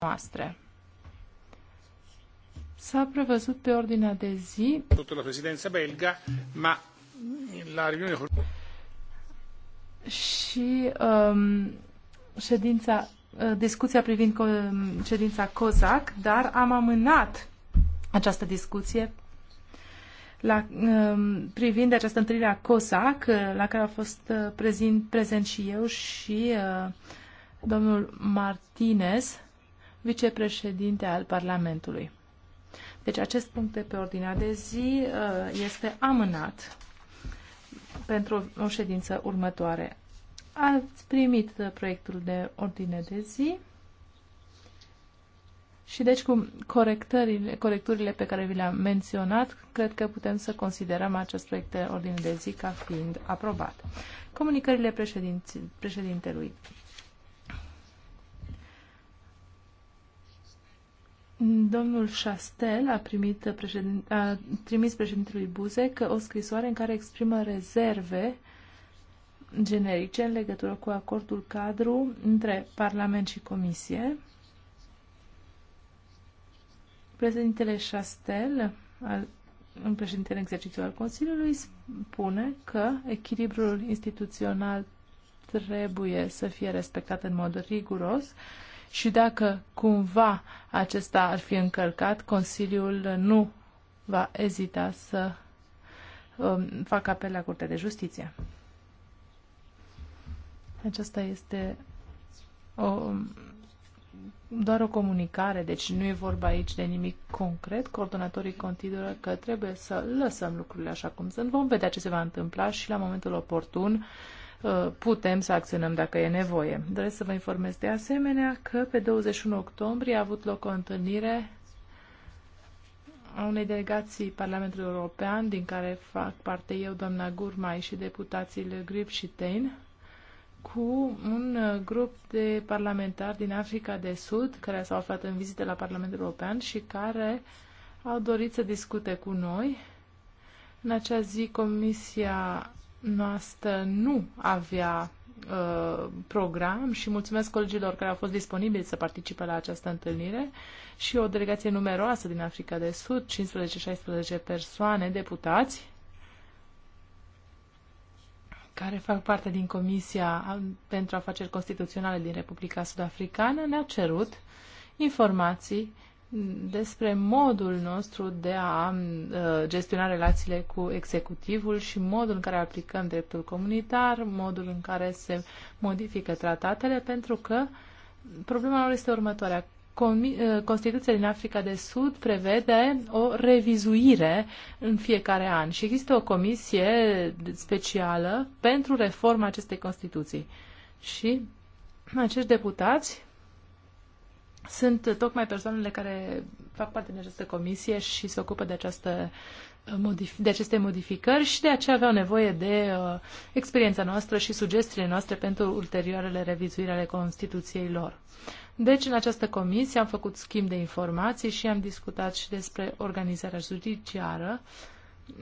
noastre. S-a prevăzut pe ordinea de zi sotto la presidenza belga, ma la riunione și um, ședința uh, discuția privind ședința COSAC, dar am amânat această discuție la, um, privind această întâlnire a COSAC, uh, la care a fost uh, prezent, prezent și eu și uh, domnul Martinez vicepreședinte al Parlamentului. Deci acest punct de pe ordinea de zi uh, este amânat pentru o ședință următoare. Ați primit uh, proiectul de ordine de zi și deci cu corectările, corecturile pe care vi le-am menționat, cred că putem să considerăm acest proiect de ordine de zi ca fiind aprobat. Comunicările președintelui. Domnul Chastel a, primit președin... a trimis președintelui Buzek o scrisoare în care exprimă rezerve generice în legătură cu acordul cadru între Parlament și Comisie. Președintele Chastel, al, în președintele exercițiu al Consiliului, spune că echilibrul instituțional trebuie să fie respectat în mod riguros și dacă cumva acesta ar fi încălcat, Consiliul nu va ezita să um, facă apel la Curtea de Justiție. Aceasta este o, doar o comunicare, deci nu e vorba aici de nimic concret. Coordonatorii consideră că trebuie să lăsăm lucrurile așa cum sunt. Vom vedea ce se va întâmpla și la momentul oportun uh, Uh, putem să acționăm dacă e nevoie. Doresc să vă informez de asemenea că pe 21 octombrie a avut loc o întâlnire a unei delegații Parlamentului European, din care fac parte eu, doamna Gurmai și deputații Le Grip și Tein, cu un uh, grup de parlamentari din Africa de Sud, care s-au aflat în vizită la Parlamentul European și care au dorit să discute cu noi. În acea zi, Comisia noastră nu avea uh, program și mulțumesc colegilor care au fost disponibili să participe la această întâlnire și o delegație numeroasă din Africa de Sud, 15-16 persoane, deputați, care fac parte din Comisia pentru Afaceri Constituționale din Republica sud ne-a cerut informații despre modul nostru de a uh, gestiona relațiile cu executivul și modul în care aplicăm dreptul comunitar, modul în care se modifică tratatele, pentru că problema lor este următoarea. Uh, Constituția din Africa de Sud prevede o revizuire în fiecare an și există o comisie specială pentru reforma acestei Constituții. Și acești deputați sunt tocmai persoanele care fac parte din această comisie și se ocupă de, această, uh, de aceste modificări și de aceea aveau nevoie de uh, experiența noastră și sugestiile noastre pentru ulterioarele revizuiri ale Constituției lor. Deci, în această comisie am făcut schimb de informații și am discutat și despre organizarea judiciară,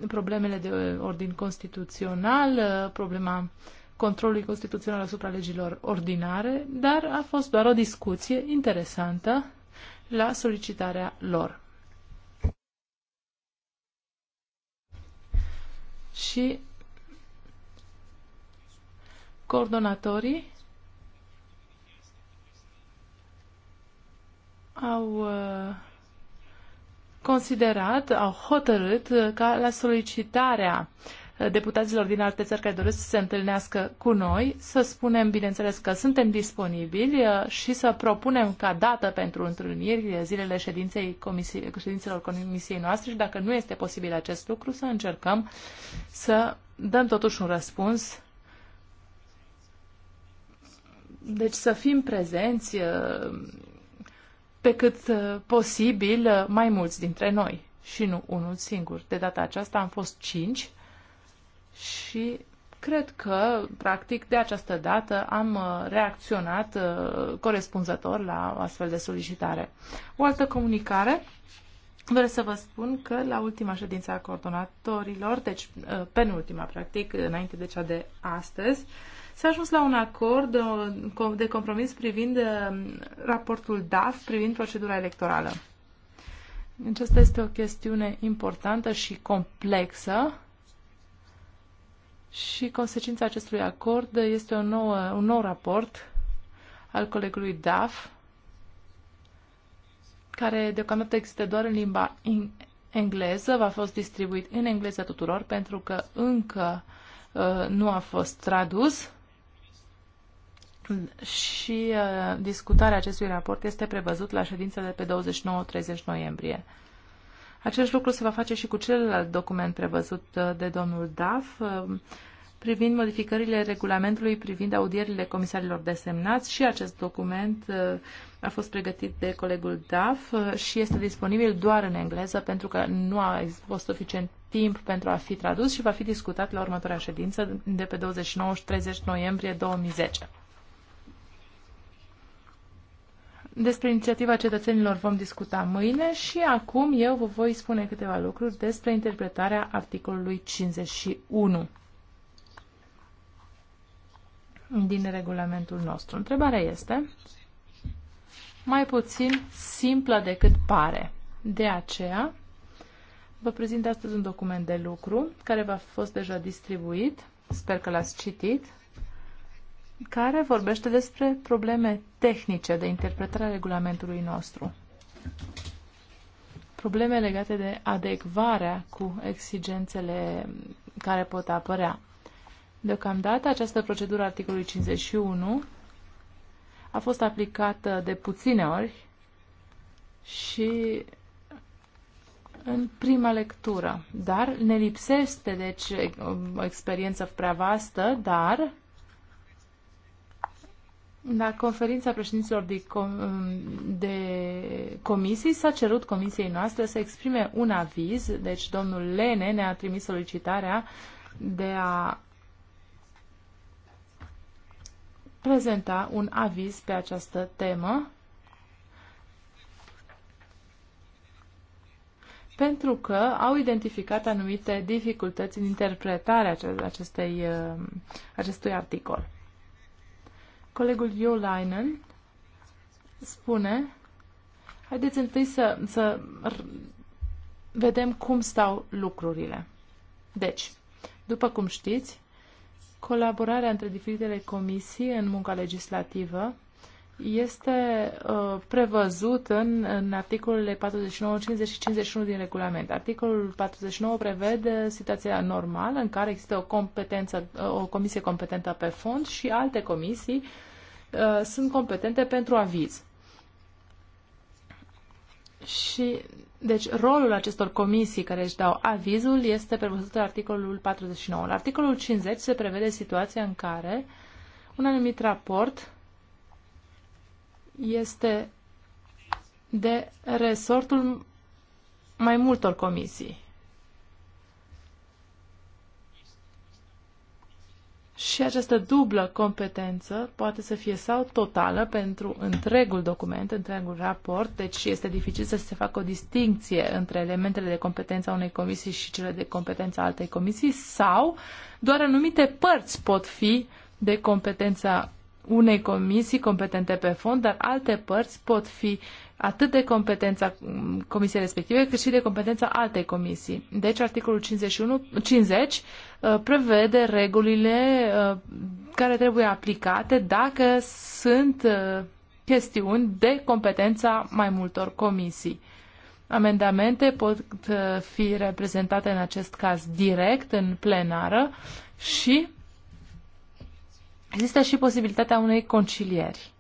problemele de ordin constituțional, uh, problema uh, controlului constituțional asupra legilor ordinare, dar a fost doar o discuție interesantă la solicitarea lor. Și coordonatorii au uh, considerat, au hotărât uh, ca la solicitarea uh, deputaților din alte țări care doresc să se întâlnească cu noi, să spunem, bineînțeles, că suntem disponibili uh, și să propunem ca dată pentru întâlniri zilele ședinței comisii, ședințelor comisiei noastre și dacă nu este posibil acest lucru, să încercăm să dăm totuși un răspuns deci să fim prezenți uh, pe cât uh, posibil mai mulți dintre noi și nu unul singur. De data aceasta am fost cinci și cred că, practic, de această dată am uh, reacționat uh, corespunzător la o astfel de solicitare. O altă comunicare. Vreau să vă spun că la ultima ședință a coordonatorilor, deci uh, penultima, practic, înainte de cea de astăzi, s-a ajuns la un acord de compromis privind raportul DAF, privind procedura electorală. Aceasta este o chestiune importantă și complexă și consecința acestui acord este o nouă, un nou raport al colegului DAF, care deocamdată există doar în limba in- engleză, va fost distribuit în engleză tuturor pentru că încă uh, nu a fost tradus și uh, discutarea acestui raport este prevăzut la ședința de pe 29-30 noiembrie. Acest lucru se va face și cu celălalt document prevăzut uh, de domnul Daf uh, privind modificările regulamentului privind audierile comisarilor desemnați și acest document uh, a fost pregătit de colegul DAF și este disponibil doar în engleză pentru că nu a fost suficient timp pentru a fi tradus și va fi discutat la următoarea ședință de pe 29 și 30 noiembrie 2010. Despre inițiativa cetățenilor vom discuta mâine și acum eu vă voi spune câteva lucruri despre interpretarea articolului 51 din regulamentul nostru. Întrebarea este mai puțin simplă decât pare. De aceea vă prezint astăzi un document de lucru care v-a fost deja distribuit. Sper că l-ați citit care vorbește despre probleme tehnice de interpretare a regulamentului nostru. Probleme legate de adecvarea cu exigențele care pot apărea. Deocamdată, această procedură articolului 51 a fost aplicată de puține ori și în prima lectură, dar ne lipsește, deci, o experiență prea vastă, dar la conferința președinților de, com- de comisii s-a cerut comisiei noastre să exprime un aviz, deci domnul Lene ne-a trimis solicitarea de a prezenta un aviz pe această temă. pentru că au identificat anumite dificultăți în interpretarea acestei, uh, acestui articol. Colegul Leinen spune, haideți întâi să, să vedem cum stau lucrurile. Deci, după cum știți, colaborarea între diferitele comisii în munca legislativă este uh, prevăzut în, în articolele 49, 50 și 51 din regulament. Articolul 49 prevede situația normală în care există o, competență, uh, o comisie competentă pe fond și alte comisii uh, Uh, sunt competente pentru aviz. Și, deci, rolul acestor comisii care își dau avizul este prevăzut în articolul 49. La articolul 50 se prevede situația în care un anumit raport este de resortul mai multor comisii. și această dublă competență poate să fie sau totală pentru întregul document, întregul raport, deci este dificil să se facă o distinție între elementele de competență a unei comisii și cele de competență a altei comisii, sau doar anumite părți pot fi de competența unei comisii competente pe fond, dar alte părți pot fi atât de competența comisiei respective, cât și de competența altei comisii. Deci, articolul 51, 50 uh, prevede regulile uh, care trebuie aplicate dacă sunt uh, chestiuni de competența mai multor comisii. Amendamente pot fi reprezentate în acest caz direct, în plenară și există și posibilitatea unei concilieri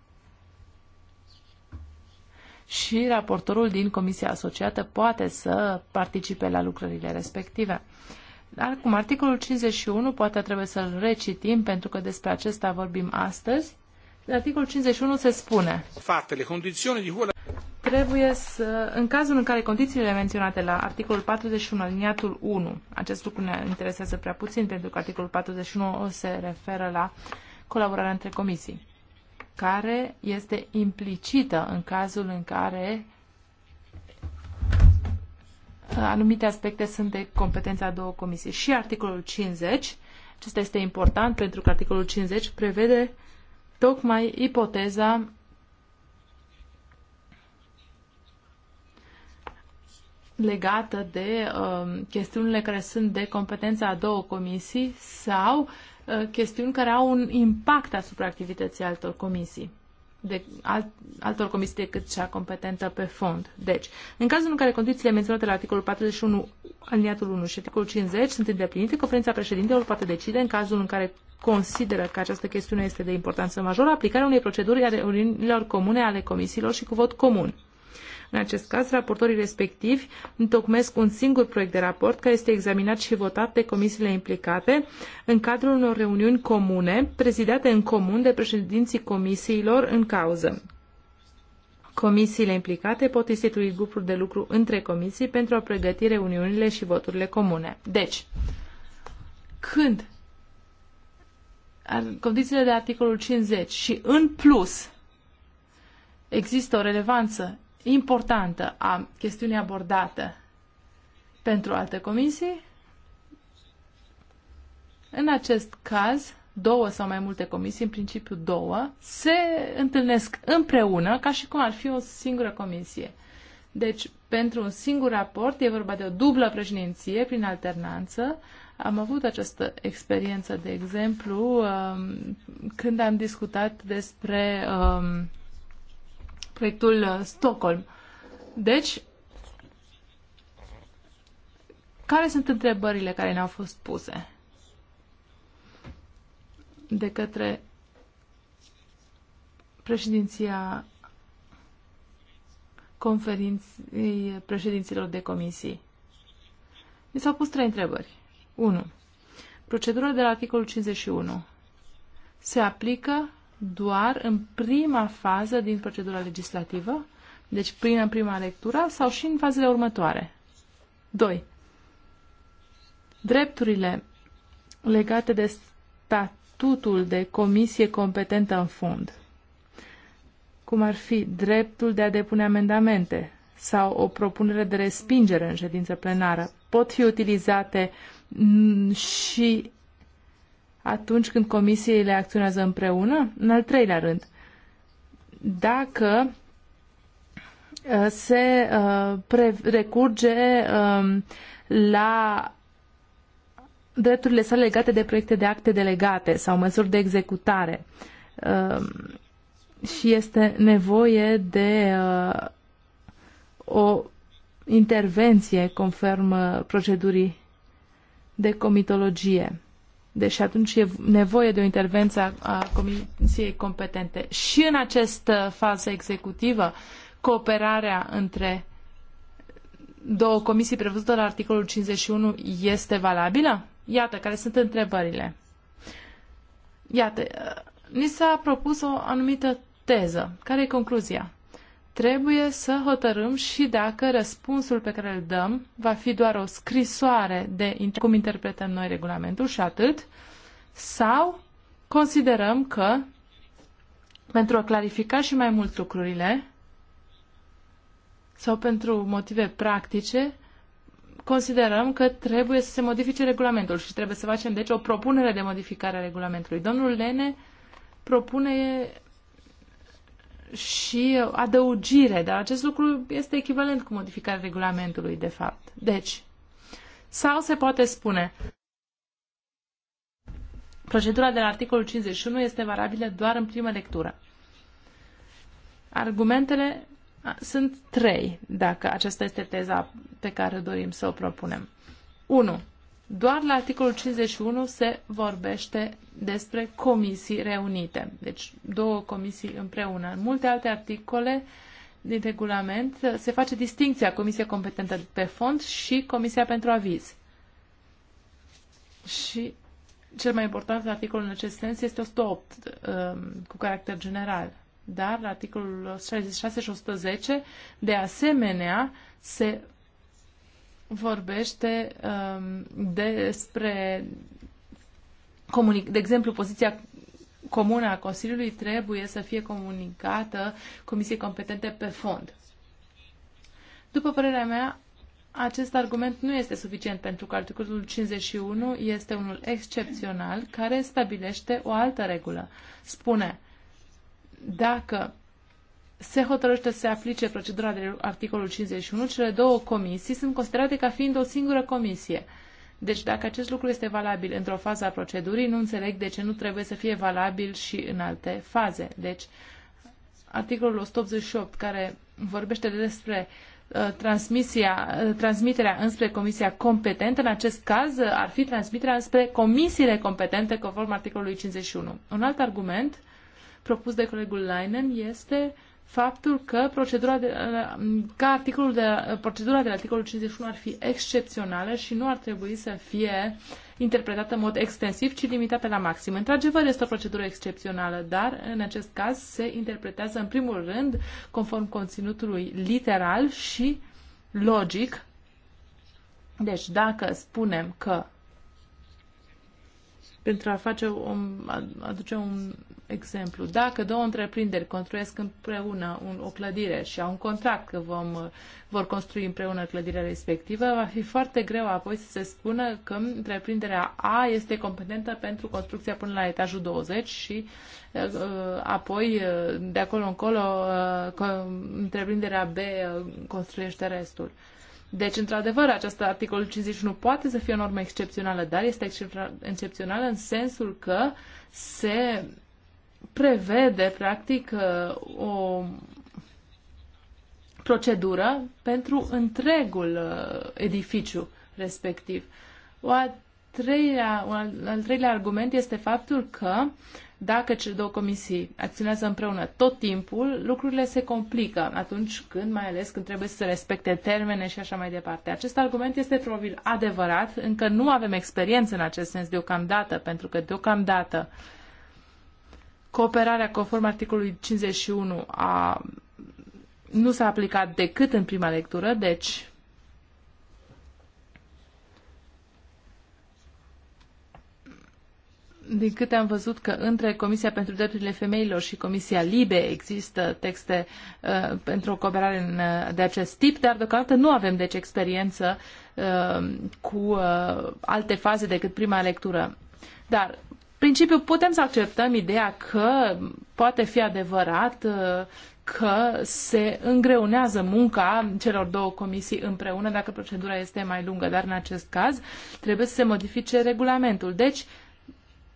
și raportorul din comisia asociată poate să participe la lucrările respective. Acum, articolul 51, poate trebuie să-l recitim pentru că despre acesta vorbim astăzi. În articolul 51 se spune Fatele, condiții de hula... Trebuie să, în cazul în care condițiile menționate la articolul 41, aliniatul 1, acest lucru ne interesează prea puțin pentru că articolul 41 se referă la colaborarea între comisii care este implicită în cazul în care uh, anumite aspecte sunt de competența a două comisii. Și articolul 50, acesta este important pentru că articolul 50 prevede tocmai ipoteza legată de uh, chestiunile care sunt de competența a două comisii sau Uh, chestiuni care au un impact asupra activității altor comisii de alt, altor comisii decât cea competentă pe fond. Deci, în cazul în care condițiile menționate la articolul 41 aliniatul 1 și articolul 50 sunt îndeplinite, conferința președintelor poate decide în cazul în care consideră că această chestiune este de importanță majoră aplicarea unei proceduri a reuniunilor comune ale comisiilor și cu vot comun. În acest caz, raportorii respectivi întocmesc un singur proiect de raport care este examinat și votat de comisiile implicate în cadrul unor reuniuni comune, prezidate în comun de președinții comisiilor în cauză. Comisiile implicate pot institui grupuri de lucru între comisii pentru a pregăti reuniunile și voturile comune. Deci, când condițiile de articolul 50 și în plus există o relevanță importantă a chestiunii abordate pentru alte comisii. În acest caz, două sau mai multe comisii, în principiu două, se întâlnesc împreună ca și cum ar fi o singură comisie. Deci, pentru un singur raport, e vorba de o dublă președinție prin alternanță. Am avut această experiență, de exemplu, um, când am discutat despre um, proiectul uh, Stockholm. Deci, care sunt întrebările care ne-au fost puse de către președinția conferinței președinților de comisii? Mi s-au pus trei întrebări. 1. Procedura de la articolul 51 se aplică doar în prima fază din procedura legislativă, deci prin în prima lectură sau și în fazele următoare. 2. Drepturile legate de statutul de comisie competentă în fond, cum ar fi dreptul de a depune amendamente sau o propunere de respingere în ședință plenară, pot fi utilizate și atunci când comisiile acționează împreună? În al treilea rând, dacă uh, se uh, recurge um, la drepturile sale legate de proiecte de acte delegate sau măsuri de executare um, și este nevoie de uh, o intervenție conform procedurii de comitologie. Deci atunci e nevoie de o intervenție a comisiei competente. Și în această fază executivă, cooperarea între două comisii prevăzută la articolul 51 este valabilă? Iată, care sunt întrebările. Iată, uh, ni s-a propus o anumită teză. Care e concluzia? trebuie să hotărâm și dacă răspunsul pe care îl dăm va fi doar o scrisoare de cum interpretăm noi regulamentul și atât, sau considerăm că, pentru a clarifica și mai mult lucrurile, sau pentru motive practice, considerăm că trebuie să se modifice regulamentul și trebuie să facem, deci, o propunere de modificare a regulamentului. Domnul Lene propune și adăugire, dar acest lucru este echivalent cu modificarea regulamentului, de fapt. Deci, sau se poate spune, procedura de la articolul 51 este valabilă doar în primă lectură. Argumentele sunt trei, dacă aceasta este teza pe care dorim să o propunem. 1. Doar la articolul 51 se vorbește despre comisii reunite, deci două comisii împreună. În multe alte articole din regulament se face distinția comisia competentă pe fond și comisia pentru aviz. Și cel mai important articol în acest sens este 108 um, cu caracter general. Dar la articolul 66 și 110, de asemenea, se vorbește um, despre, de exemplu, poziția comună a Consiliului trebuie să fie comunicată comisiei competente pe fond. După părerea mea, acest argument nu este suficient pentru că articolul 51 este unul excepțional care stabilește o altă regulă. Spune, dacă se hotărăște să se aplice procedura de articolul 51, cele două comisii sunt considerate ca fiind o singură comisie. Deci dacă acest lucru este valabil într-o fază a procedurii, nu înțeleg de ce nu trebuie să fie valabil și în alte faze. Deci articolul 188 care vorbește despre uh, transmisia, uh, transmiterea înspre comisia competentă, în acest caz uh, ar fi transmiterea înspre comisiile competente conform articolului 51. Un alt argument propus de colegul Leinen este uh, faptul că procedura de, ca articolul de, procedura de la articolul 51 ar fi excepțională și nu ar trebui să fie interpretată în mod extensiv, ci limitată la maxim. Într-adevăr, este o procedură excepțională, dar în acest caz se interpretează în primul rând conform conținutului literal și logic. Deci, dacă spunem că pentru a face o, aduce un exemplu. Dacă două întreprinderi construiesc împreună un, o clădire și au un contract că vom, vor construi împreună clădirea respectivă, va fi foarte greu apoi să se spună că întreprinderea A este competentă pentru construcția până la etajul 20 și uh, uh, apoi uh, de acolo încolo întreprinderea B construiește restul. Deci, într-adevăr, acest articol 51 poate să fie o normă excepțională, dar este excepțională în sensul că se prevede, practic, uh, o procedură pentru întregul uh, edificiu respectiv. O a treilea, un al treilea argument este faptul că dacă cele două comisii acționează împreună tot timpul, lucrurile se complică atunci când, mai ales când trebuie să se respecte termene și așa mai departe. Acest argument este probabil adevărat, încă nu avem experiență în acest sens deocamdată, pentru că deocamdată cooperarea conform articolului 51 a, nu s-a aplicat decât în prima lectură, deci din câte am văzut că între Comisia pentru Drepturile Femeilor și Comisia Libe există texte uh, pentru o cooperare în, uh, de acest tip, dar deocamdată nu avem deci experiență uh, cu uh, alte faze decât prima lectură. Dar principiu putem să acceptăm ideea că poate fi adevărat uh, că se îngreunează munca celor două comisii împreună dacă procedura este mai lungă, dar în acest caz trebuie să se modifice regulamentul. Deci,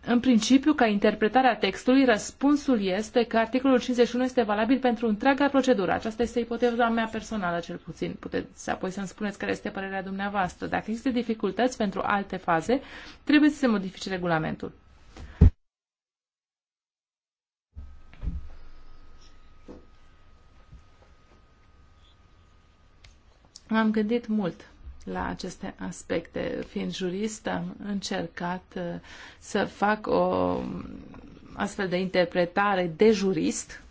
în principiu, ca interpretarea textului, răspunsul este că articolul 51 este valabil pentru întreaga procedură. Aceasta este ipoteza mea personală, cel puțin. Puteți apoi să-mi spuneți care este părerea dumneavoastră. Dacă există dificultăți pentru alte faze, trebuie să se modifice regulamentul. Am gândit mult la aceste aspecte. Fiind jurist, am încercat uh, să fac o astfel de interpretare de jurist.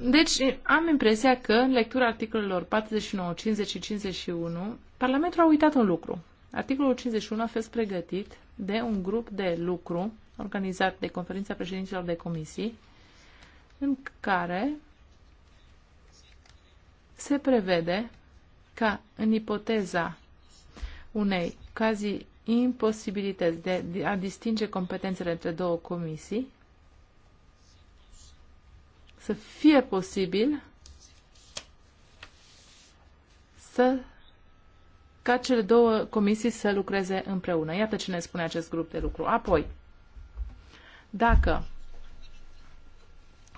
Deci am impresia că în lectura articolelor 49, 50 și 51, Parlamentul a uitat un lucru. Articolul 51 a fost pregătit de un grup de lucru organizat de Conferința Președinților de Comisii, în care se prevede ca în ipoteza unei cazii imposibilități de a distinge competențele între două comisii, să fie posibil să ca cele două comisii să lucreze împreună. Iată ce ne spune acest grup de lucru. Apoi, dacă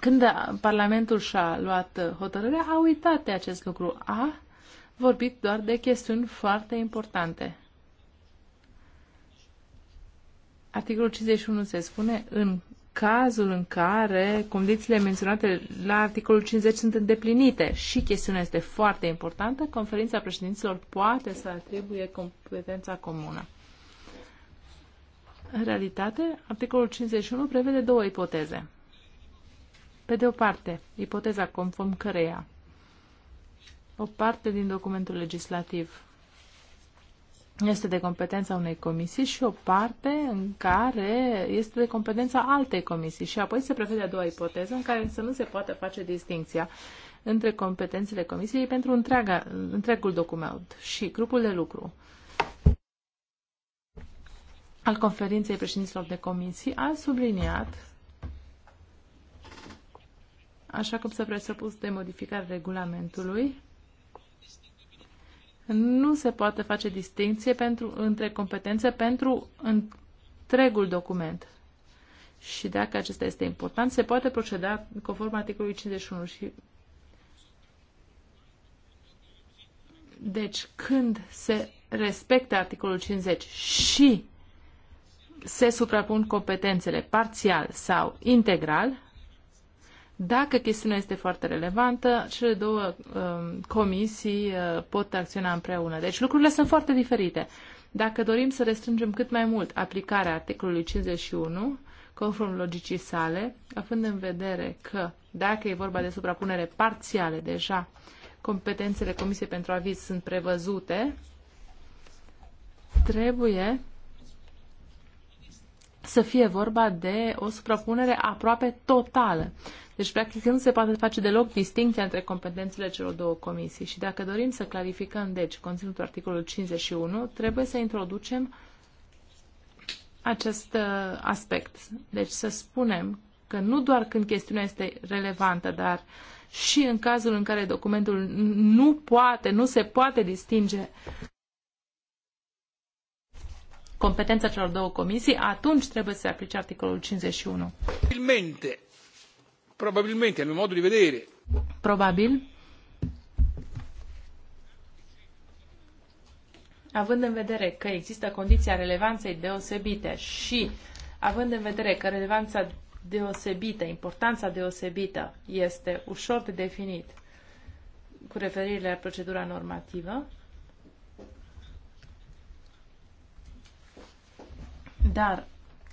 când Parlamentul și-a luat uh, hotărârea, a uitat de acest lucru. A vorbit doar de chestiuni foarte importante. Articolul 51 se spune în cazul în care condițiile menționate la articolul 50 sunt îndeplinite și chestiunea este foarte importantă, conferința președinților poate să atribuie competența comună. În realitate, articolul 51 prevede două ipoteze. Pe de o parte, ipoteza conform căreia o parte din documentul legislativ este de competența unei comisii și o parte în care este de competența altei comisii. Și apoi se prevede a doua ipoteză în care însă nu se poate face distinția între competențele comisiei pentru întreaga, întregul document și grupul de lucru al conferinței președinților de comisii a subliniat așa cum s-a presupus de modificare regulamentului, nu se poate face distinție pentru, între competențe pentru întregul document. Și dacă acesta este important, se poate proceda conform articolului 51 și Deci, când se respectă articolul 50 și se suprapun competențele parțial sau integral, dacă chestiunea este foarte relevantă, cele două um, comisii uh, pot acționa împreună. Deci lucrurile sunt foarte diferite. Dacă dorim să restrângem cât mai mult aplicarea articolului 51, conform logicii sale, având în vedere că, dacă e vorba de suprapunere parțiale deja, competențele Comisiei pentru Aviz sunt prevăzute, trebuie să fie vorba de o suprapunere aproape totală. Deci, practic, nu se poate face deloc distinția între competențele celor două comisii. Și dacă dorim să clarificăm, deci, conținutul articolului 51, trebuie să introducem acest uh, aspect. Deci să spunem că nu doar când chestiunea este relevantă, dar și în cazul în care documentul nu poate, nu se poate distinge competența celor două comisii, atunci trebuie să se aplice articolul 51 probabilmente, a mio modo di vedere. Probabil. Având în vedere că există condiția relevanței deosebite și având în vedere că relevanța deosebită, importanța deosebită este ușor de definit cu referire la procedura normativă, dar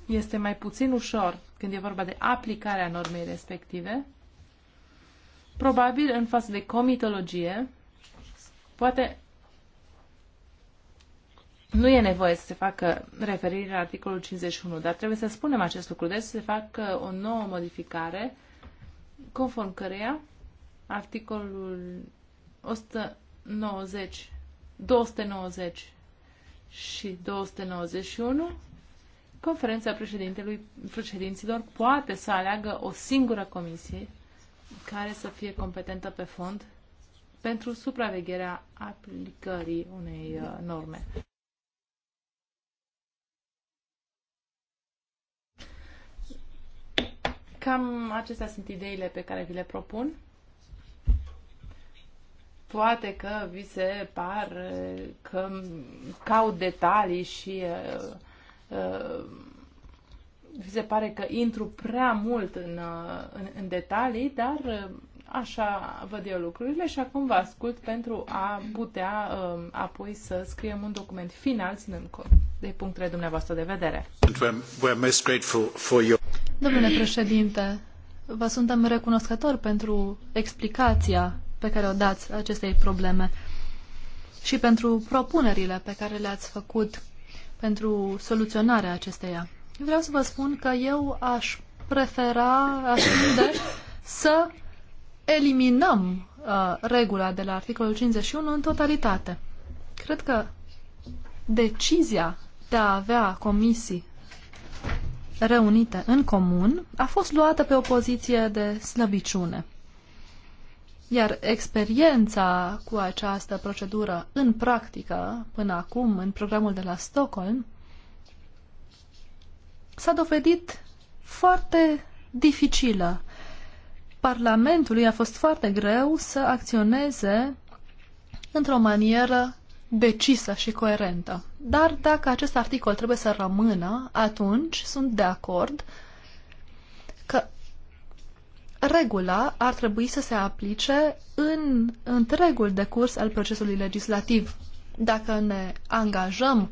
este mai puțin ușor când e vorba de aplicarea normei respective, probabil în față de comitologie, poate nu e nevoie să se facă referire la articolul 51, dar trebuie să spunem acest lucru, deci să se facă o nouă modificare conform căreia articolul 190, 290 și 291 conferința președintelui, președinților poate să aleagă o singură comisie care să fie competentă pe fond pentru supravegherea aplicării unei uh, norme. Cam acestea sunt ideile pe care vi le propun. Poate că vi se par uh, că caut detalii și uh, vi uh, se pare că intru prea mult în, uh, în, în detalii, dar uh, așa văd eu lucrurile și acum vă ascult pentru a putea um, apoi să scriem un document final ținând cont de punctele dumneavoastră de vedere. Domnule președinte, vă suntem recunoscători pentru explicația pe care o dați acestei probleme și pentru propunerile pe care le-ați făcut pentru soluționarea acesteia. vreau să vă spun că eu aș prefera, aș tinde să eliminăm uh, regula de la articolul 51 în totalitate. Cred că decizia de a avea comisii reunite în comun a fost luată pe o poziție de slăbiciune. Iar experiența cu această procedură în practică, până acum, în programul de la Stockholm, s-a dovedit foarte dificilă. Parlamentului a fost foarte greu să acționeze într-o manieră decisă și coerentă. Dar dacă acest articol trebuie să rămână, atunci sunt de acord regula ar trebui să se aplice în întregul decurs al procesului legislativ. Dacă ne angajăm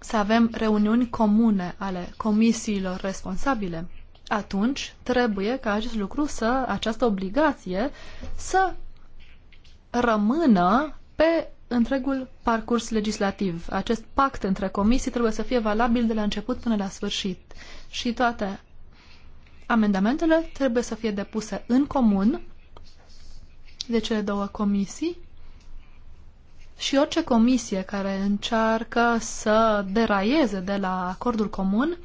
să avem reuniuni comune ale comisiilor responsabile, atunci trebuie ca acest lucru să, această obligație să rămână pe întregul parcurs legislativ. Acest pact între comisii trebuie să fie valabil de la început până la sfârșit și toate Amendamentele trebuie să fie depuse în comun de cele două comisii și orice comisie care încearcă să deraieze de la acordul comun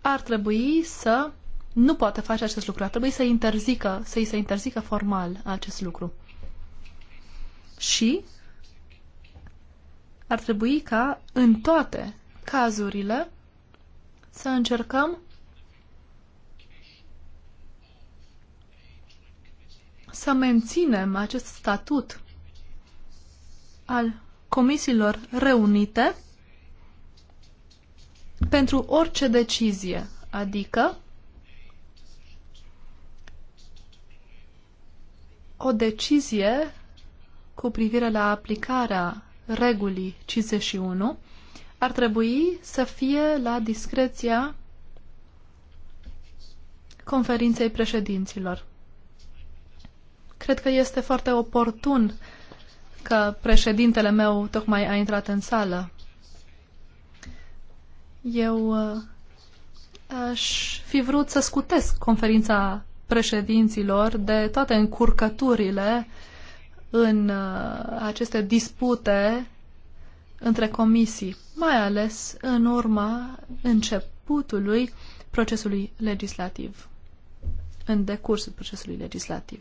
ar trebui să nu poate face acest lucru. Ar trebui să interzică, să îi se interzică formal acest lucru. Și ar trebui ca în toate cazurile să încercăm să menținem acest statut al comisiilor reunite pentru orice decizie, adică o decizie cu privire la aplicarea regulii 51 ar trebui să fie la discreția conferinței președinților. Cred că este foarte oportun că președintele meu tocmai a intrat în sală. Eu uh, aș fi vrut să scutesc conferința președinților de toate încurcăturile în uh, aceste dispute între comisii, mai ales în urma începutului procesului legislativ, în decursul procesului legislativ.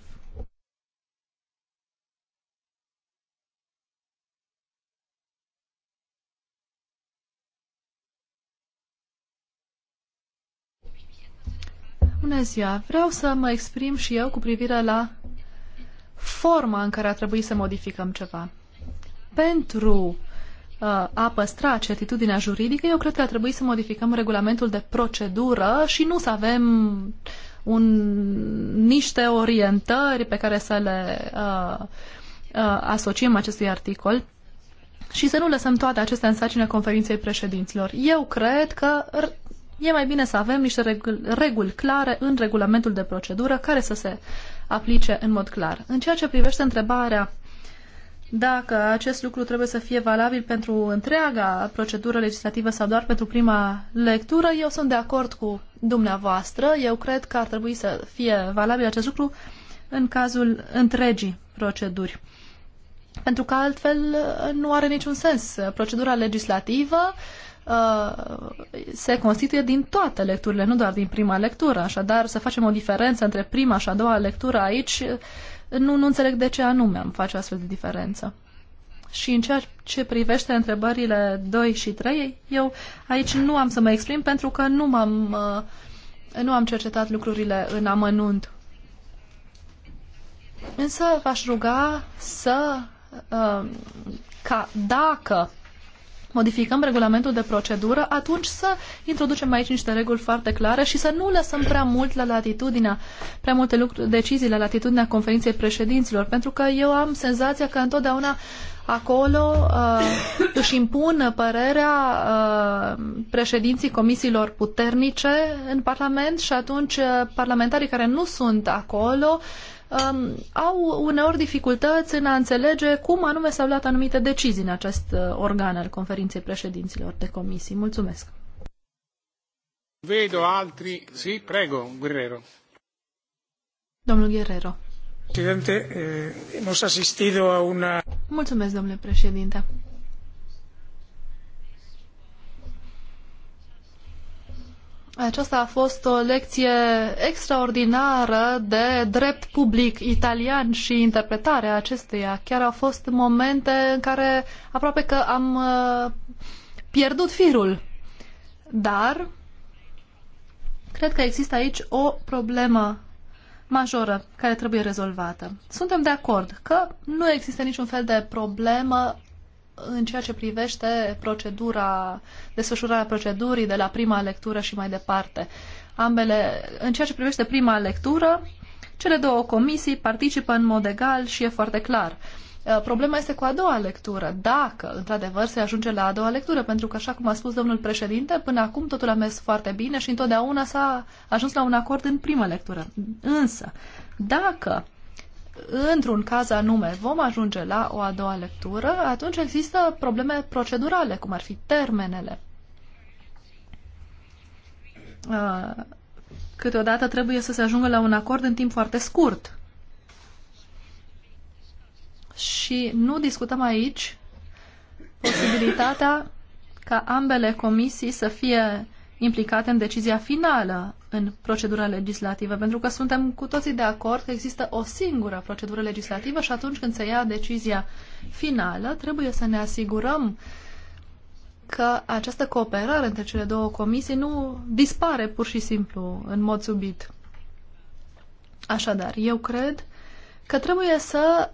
Bună ziua! Vreau să mă exprim și eu cu privire la forma în care ar trebui să modificăm ceva. Pentru uh, a păstra certitudinea juridică, eu cred că ar trebui să modificăm regulamentul de procedură și nu să avem un, niște orientări pe care să le uh, uh, asociem acestui articol și să nu lăsăm toate acestea în sarcina conferinței președinților. Eu cred că e mai bine să avem niște reguli, reguli clare în regulamentul de procedură care să se aplice în mod clar. În ceea ce privește întrebarea dacă acest lucru trebuie să fie valabil pentru întreaga procedură legislativă sau doar pentru prima lectură, eu sunt de acord cu dumneavoastră. Eu cred că ar trebui să fie valabil acest lucru în cazul întregii proceduri. Pentru că altfel nu are niciun sens. Procedura legislativă Uh, se constituie din toate lecturile, nu doar din prima lectură. Așadar, să facem o diferență între prima și a doua lectură aici, nu, nu înțeleg de ce anume am face astfel de diferență. Și în ceea ce privește întrebările 2 și 3, eu aici nu am să mă exprim pentru că nu, am uh, nu am cercetat lucrurile în amănunt. Însă v-aș ruga să uh, ca dacă modificăm regulamentul de procedură, atunci să introducem aici niște reguli foarte clare și să nu lăsăm prea mult la latitudinea, prea multe lucruri, decizii la latitudinea conferinței președinților, pentru că eu am senzația că întotdeauna acolo uh, își impun părerea uh, președinții comisiilor puternice în Parlament și atunci uh, parlamentarii care nu sunt acolo uh, um, au uneori dificultăți în a înțelege cum anume s-au luat anumite decizii în acest uh, organ al conferinței președinților de comisii. Mulțumesc! Vedo altri... Sì, prego, Guerrero. Domnul Guerrero. Presidente, eh, hemos asistido a una... Mulțumesc, domnule președinte. Aceasta a fost o lecție extraordinară de drept public italian și interpretarea acesteia. Chiar au fost momente în care aproape că am uh, pierdut firul. Dar cred că există aici o problemă majoră care trebuie rezolvată. Suntem de acord că nu există niciun fel de problemă în ceea ce privește procedura, desfășurarea procedurii de la prima lectură și mai departe. Ambele, în ceea ce privește prima lectură, cele două comisii participă în mod egal și e foarte clar. Uh, problema este cu a doua lectură, dacă într-adevăr se ajunge la a doua lectură, pentru că, așa cum a spus domnul președinte, până acum totul a mers foarte bine și întotdeauna s-a ajuns la un acord în prima lectură. Însă, dacă într-un caz anume vom ajunge la o a doua lectură, atunci există probleme procedurale, cum ar fi termenele. Câteodată trebuie să se ajungă la un acord în timp foarte scurt. Și nu discutăm aici posibilitatea ca ambele comisii să fie implicate în decizia finală în procedura legislativă, pentru că suntem cu toții de acord că există o singură procedură legislativă și atunci când se ia decizia finală, trebuie să ne asigurăm că această cooperare între cele două comisii nu dispare pur și simplu în mod subit. Așadar, eu cred că trebuie să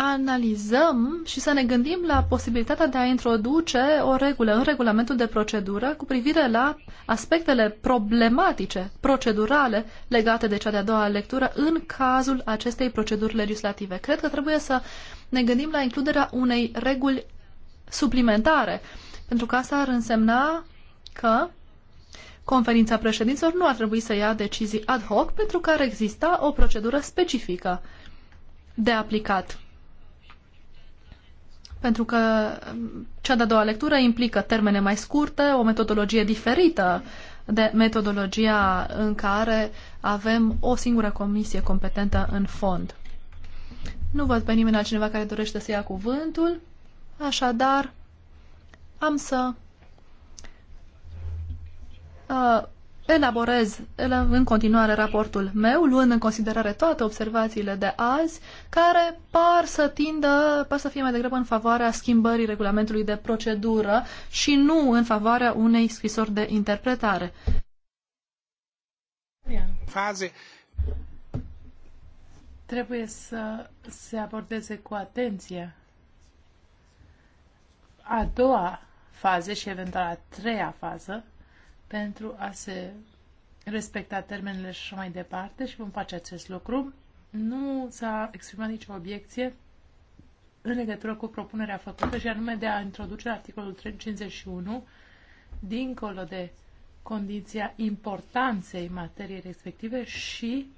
analizăm și să ne gândim la posibilitatea de a introduce o regulă în regulamentul de procedură cu privire la aspectele problematice, procedurale, legate de cea de-a doua lectură în cazul acestei proceduri legislative. Cred că trebuie să ne gândim la includerea unei reguli suplimentare, pentru că asta ar însemna că conferința președinților nu ar trebui să ia decizii ad hoc pentru că ar exista o procedură specifică de aplicat pentru că um, cea de-a doua lectură implică termene mai scurte, o metodologie diferită de metodologia în care avem o singură comisie competentă în fond. Nu văd pe nimeni altcineva care dorește să ia cuvântul, așadar am să uh, elaborez în continuare raportul meu, luând în considerare toate observațiile de azi, care par să tindă, par să fie mai degrabă în favoarea schimbării regulamentului de procedură și nu în favoarea unei scrisori de interpretare. Faze. Trebuie să se abordeze cu atenție a doua fază și eventual a treia fază pentru a se respecta termenele și așa mai departe și vom face acest lucru. Nu s-a exprimat nicio obiecție în legătură cu propunerea făcută și anume de a introduce articolul 351 dincolo de condiția importanței materiei respective și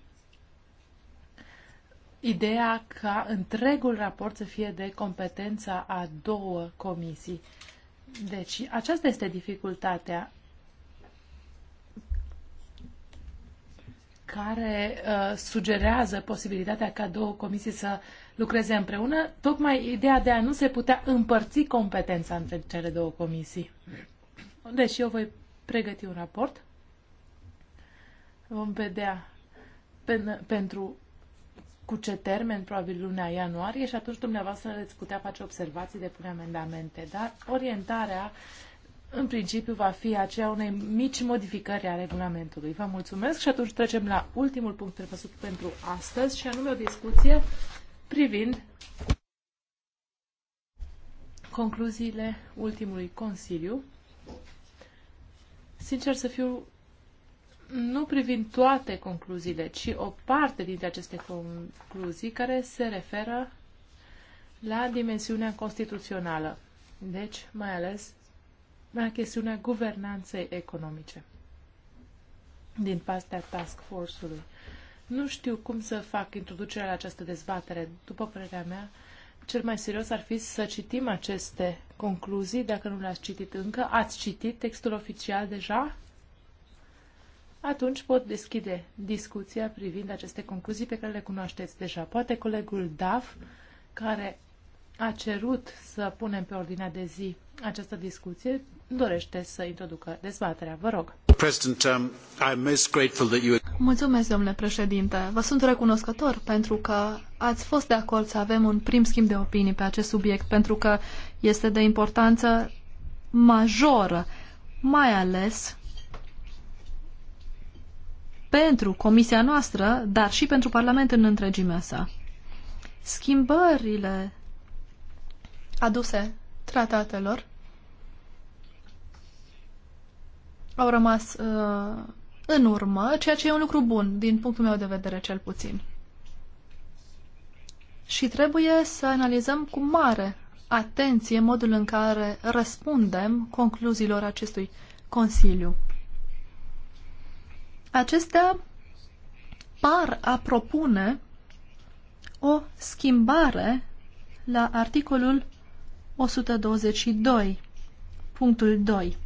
ideea ca întregul raport să fie de competența a două comisii. Deci, aceasta este dificultatea. care uh, sugerează posibilitatea ca două comisii să lucreze împreună, tocmai ideea de a nu se putea împărți competența între cele două comisii. Deci eu voi pregăti un raport. Vom vedea pen, pentru cu ce termen, probabil luna ianuarie, și atunci dumneavoastră veți putea face observații, de pune amendamente. Dar orientarea uh, în principiu va fi aceea unei mici modificări a regulamentului. Vă mulțumesc și atunci trecem la ultimul punct prevăzut pentru astăzi și anume o discuție privind concluziile ultimului Consiliu. Sincer să fiu, nu privind toate concluziile, ci o parte dintre aceste concluzii care se referă la dimensiunea constituțională. Deci, mai ales la chestiunea guvernanței economice din partea task force-ului. Nu știu cum să fac introducerea la această dezbatere. După părerea mea, cel mai serios ar fi să citim aceste concluzii, dacă nu le-ați citit încă. Ați citit textul oficial deja? Atunci pot deschide discuția privind aceste concluzii pe care le cunoașteți deja. Poate colegul DAF, care a cerut să punem pe ordinea de zi această discuție, dorește să introducă dezbaterea. Vă rog. Um, Mulțumesc, domnule președinte. Vă sunt recunoscător pentru că ați fost de acord să avem un prim schimb de opinii pe acest subiect, pentru că este de importanță majoră, mai ales pentru comisia noastră, dar și pentru Parlament în întregimea sa. Schimbările aduse tratatelor au rămas uh, în urmă, ceea ce e un lucru bun, din punctul meu de vedere cel puțin. Și trebuie să analizăm cu mare atenție modul în care răspundem concluziilor acestui Consiliu. Acestea par a propune o schimbare la articolul 122, punctul 2.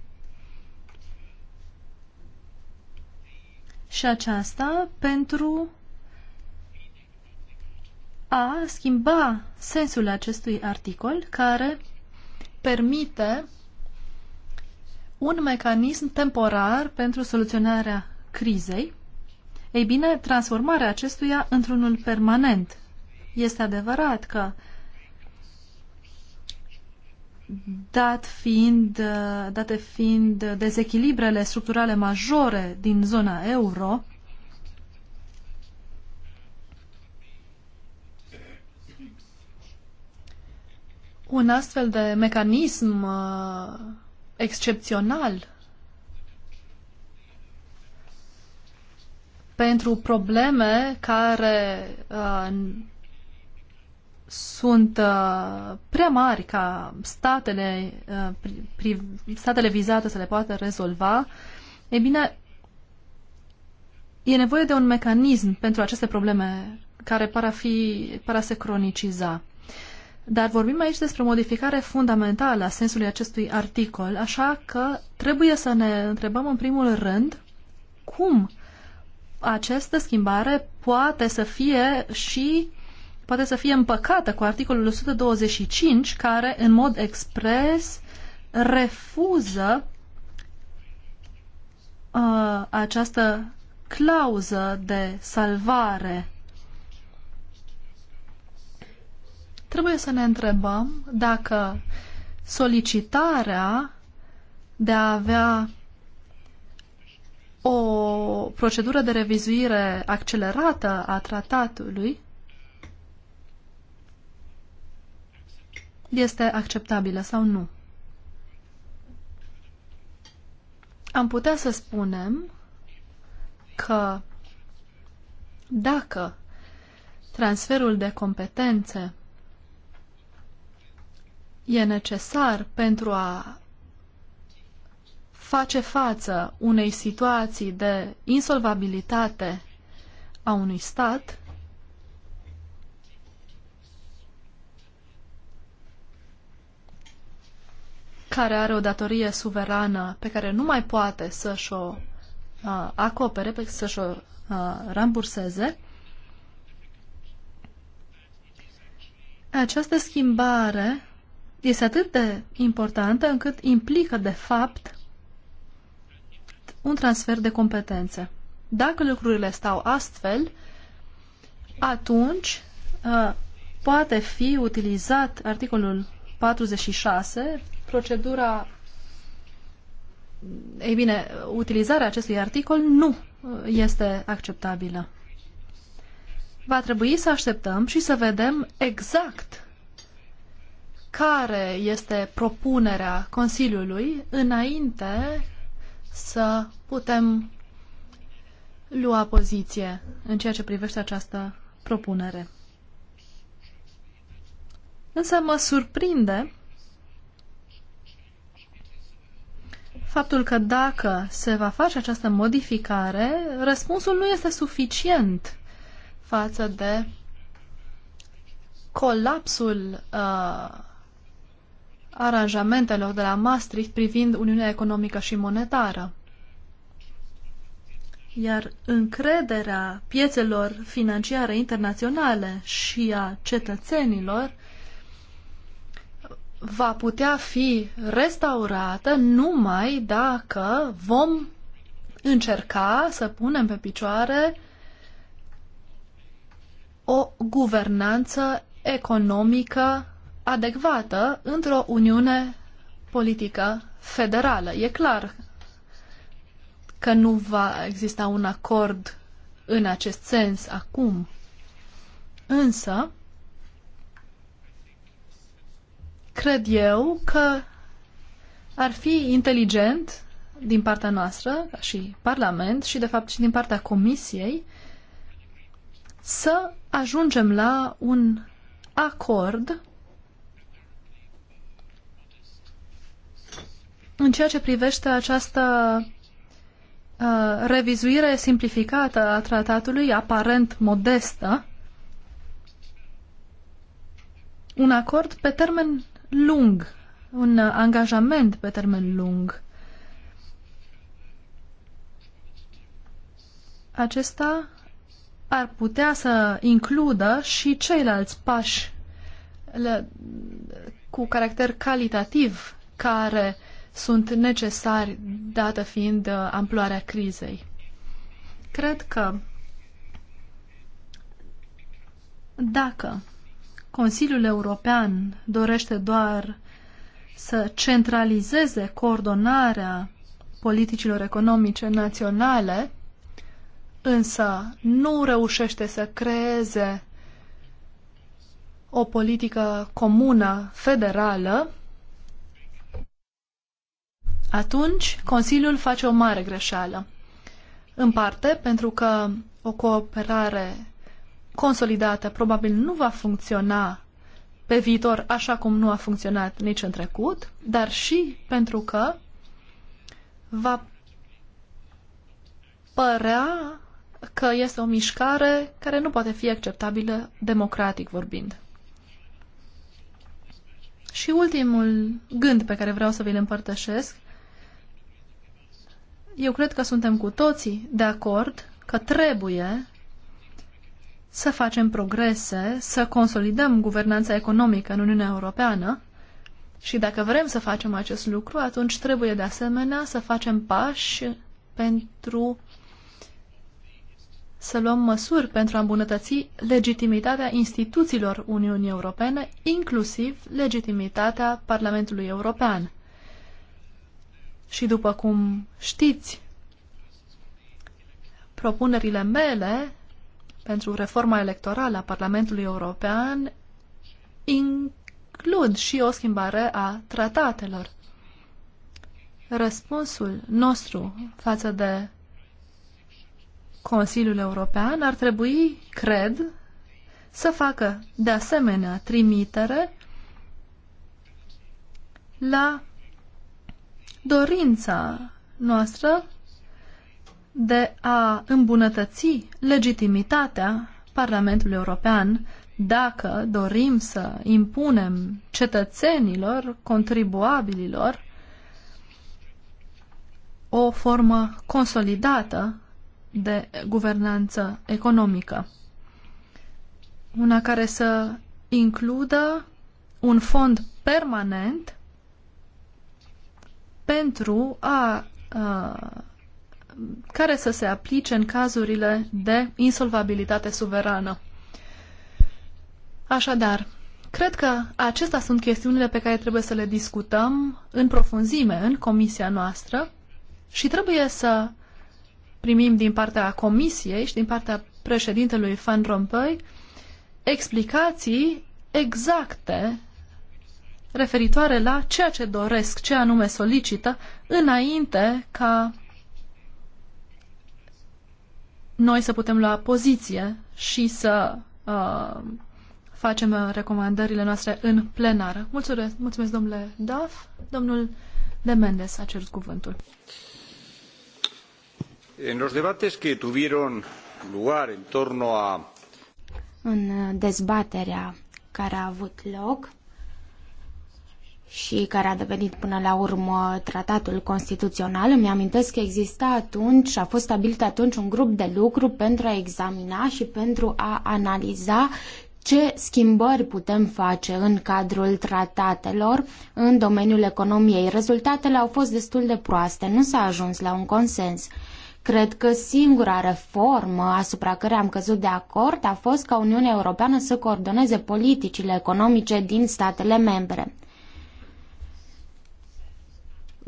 și aceasta pentru a schimba sensul acestui articol care permite un mecanism temporar pentru soluționarea crizei, ei bine, transformarea acestuia într-unul permanent. Este adevărat că uh, dat fiind, uh, date fiind dezechilibrele structurale majore din zona euro, un astfel de mecanism uh, excepțional pentru probleme care uh, sunt uh, prea mari ca statele, uh, pri, pri, statele vizate să le poată rezolva, e bine, e nevoie de un mecanism pentru aceste probleme care par a, fi, par a se croniciza. Dar vorbim aici despre o modificare fundamentală a sensului acestui articol, așa că trebuie să ne întrebăm în primul rând cum această schimbare poate să fie și poate să fie împăcată cu articolul 125, care în mod expres refuză uh, această clauză de salvare. Trebuie să ne întrebăm dacă solicitarea de a avea o procedură de revizuire accelerată a tratatului este acceptabilă sau nu. Am putea să spunem că dacă transferul de competențe e necesar pentru a face față unei situații de insolvabilitate a unui stat, care are o datorie suverană pe care nu mai poate să-și o uh, acopere, pe să-și o uh, ramburseze, această schimbare este atât de importantă încât implică, de fapt, un transfer de competențe. Dacă lucrurile stau astfel, atunci uh, poate fi utilizat articolul 46 procedura ei bine, utilizarea acestui articol nu este acceptabilă. Va trebui să așteptăm și să vedem exact care este propunerea Consiliului înainte să putem lua poziție în ceea ce privește această propunere. Însă mă surprinde faptul că dacă se va face această modificare, răspunsul nu este suficient față de colapsul uh, aranjamentelor de la Maastricht privind Uniunea Economică și Monetară. Iar încrederea piețelor financiare internaționale și a cetățenilor va putea fi restaurată numai dacă vom încerca să punem pe picioare o guvernanță economică adecvată într-o uniune politică federală. E clar că nu va exista un acord în acest sens acum. Însă, cred eu că ar fi inteligent din partea noastră, ca și Parlament și de fapt și din partea Comisiei, să ajungem la un acord în ceea ce privește această uh, revizuire simplificată a tratatului, aparent modestă, un acord pe termen lung, un angajament pe termen lung. Acesta ar putea să includă și ceilalți pași cu caracter calitativ care sunt necesari, dată fiind uh, amploarea crizei. Cred că dacă Consiliul European dorește doar să centralizeze coordonarea politicilor economice naționale, însă nu reușește să creeze o politică comună federală, atunci Consiliul face o mare greșeală. În parte pentru că o cooperare consolidată probabil nu va funcționa pe viitor așa cum nu a funcționat nici în trecut, dar și pentru că va părea că este o mișcare care nu poate fi acceptabilă democratic vorbind. Și ultimul gând pe care vreau să vi-l împărtășesc, eu cred că suntem cu toții de acord că trebuie să facem progrese, să consolidăm guvernanța economică în Uniunea Europeană și dacă vrem să facem acest lucru, atunci trebuie de asemenea să facem pași pentru să luăm măsuri pentru a îmbunătăți legitimitatea instituțiilor Uniunii Europene, inclusiv legitimitatea Parlamentului European. Și după cum știți, propunerile mele pentru reforma electorală a Parlamentului European includ și o schimbare a tratatelor. Răspunsul nostru față de Consiliul European ar trebui, cred, să facă de asemenea trimitere la dorința noastră de a îmbunătăți legitimitatea Parlamentului European dacă dorim să impunem cetățenilor, contribuabililor, o formă consolidată de guvernanță economică. Una care să includă un fond permanent pentru a, a care să se aplice în cazurile de insolvabilitate suverană. Așadar, cred că acestea sunt chestiunile pe care trebuie să le discutăm în profunzime în comisia noastră și trebuie să primim din partea comisiei și din partea președintelui Van Rompuy explicații exacte referitoare la ceea ce doresc, ce anume solicită, înainte ca noi să putem lua poziție și să uh, facem uh, recomandările noastre în plenară. Mulțumesc, mulțumesc domnule Daf. Domnul de Mendes a cerut cuvântul. În los debates que tuvieron lugar en torno a în dezbaterea care a avut loc și care a devenit până la urmă tratatul constituțional. Îmi amintesc că exista atunci, a fost stabilit atunci un grup de lucru pentru a examina și pentru a analiza ce schimbări putem face în cadrul tratatelor în domeniul economiei. Rezultatele au fost destul de proaste, nu s-a ajuns la un consens. Cred că singura reformă asupra care am căzut de acord a fost ca Uniunea Europeană să coordoneze politicile economice din statele membre.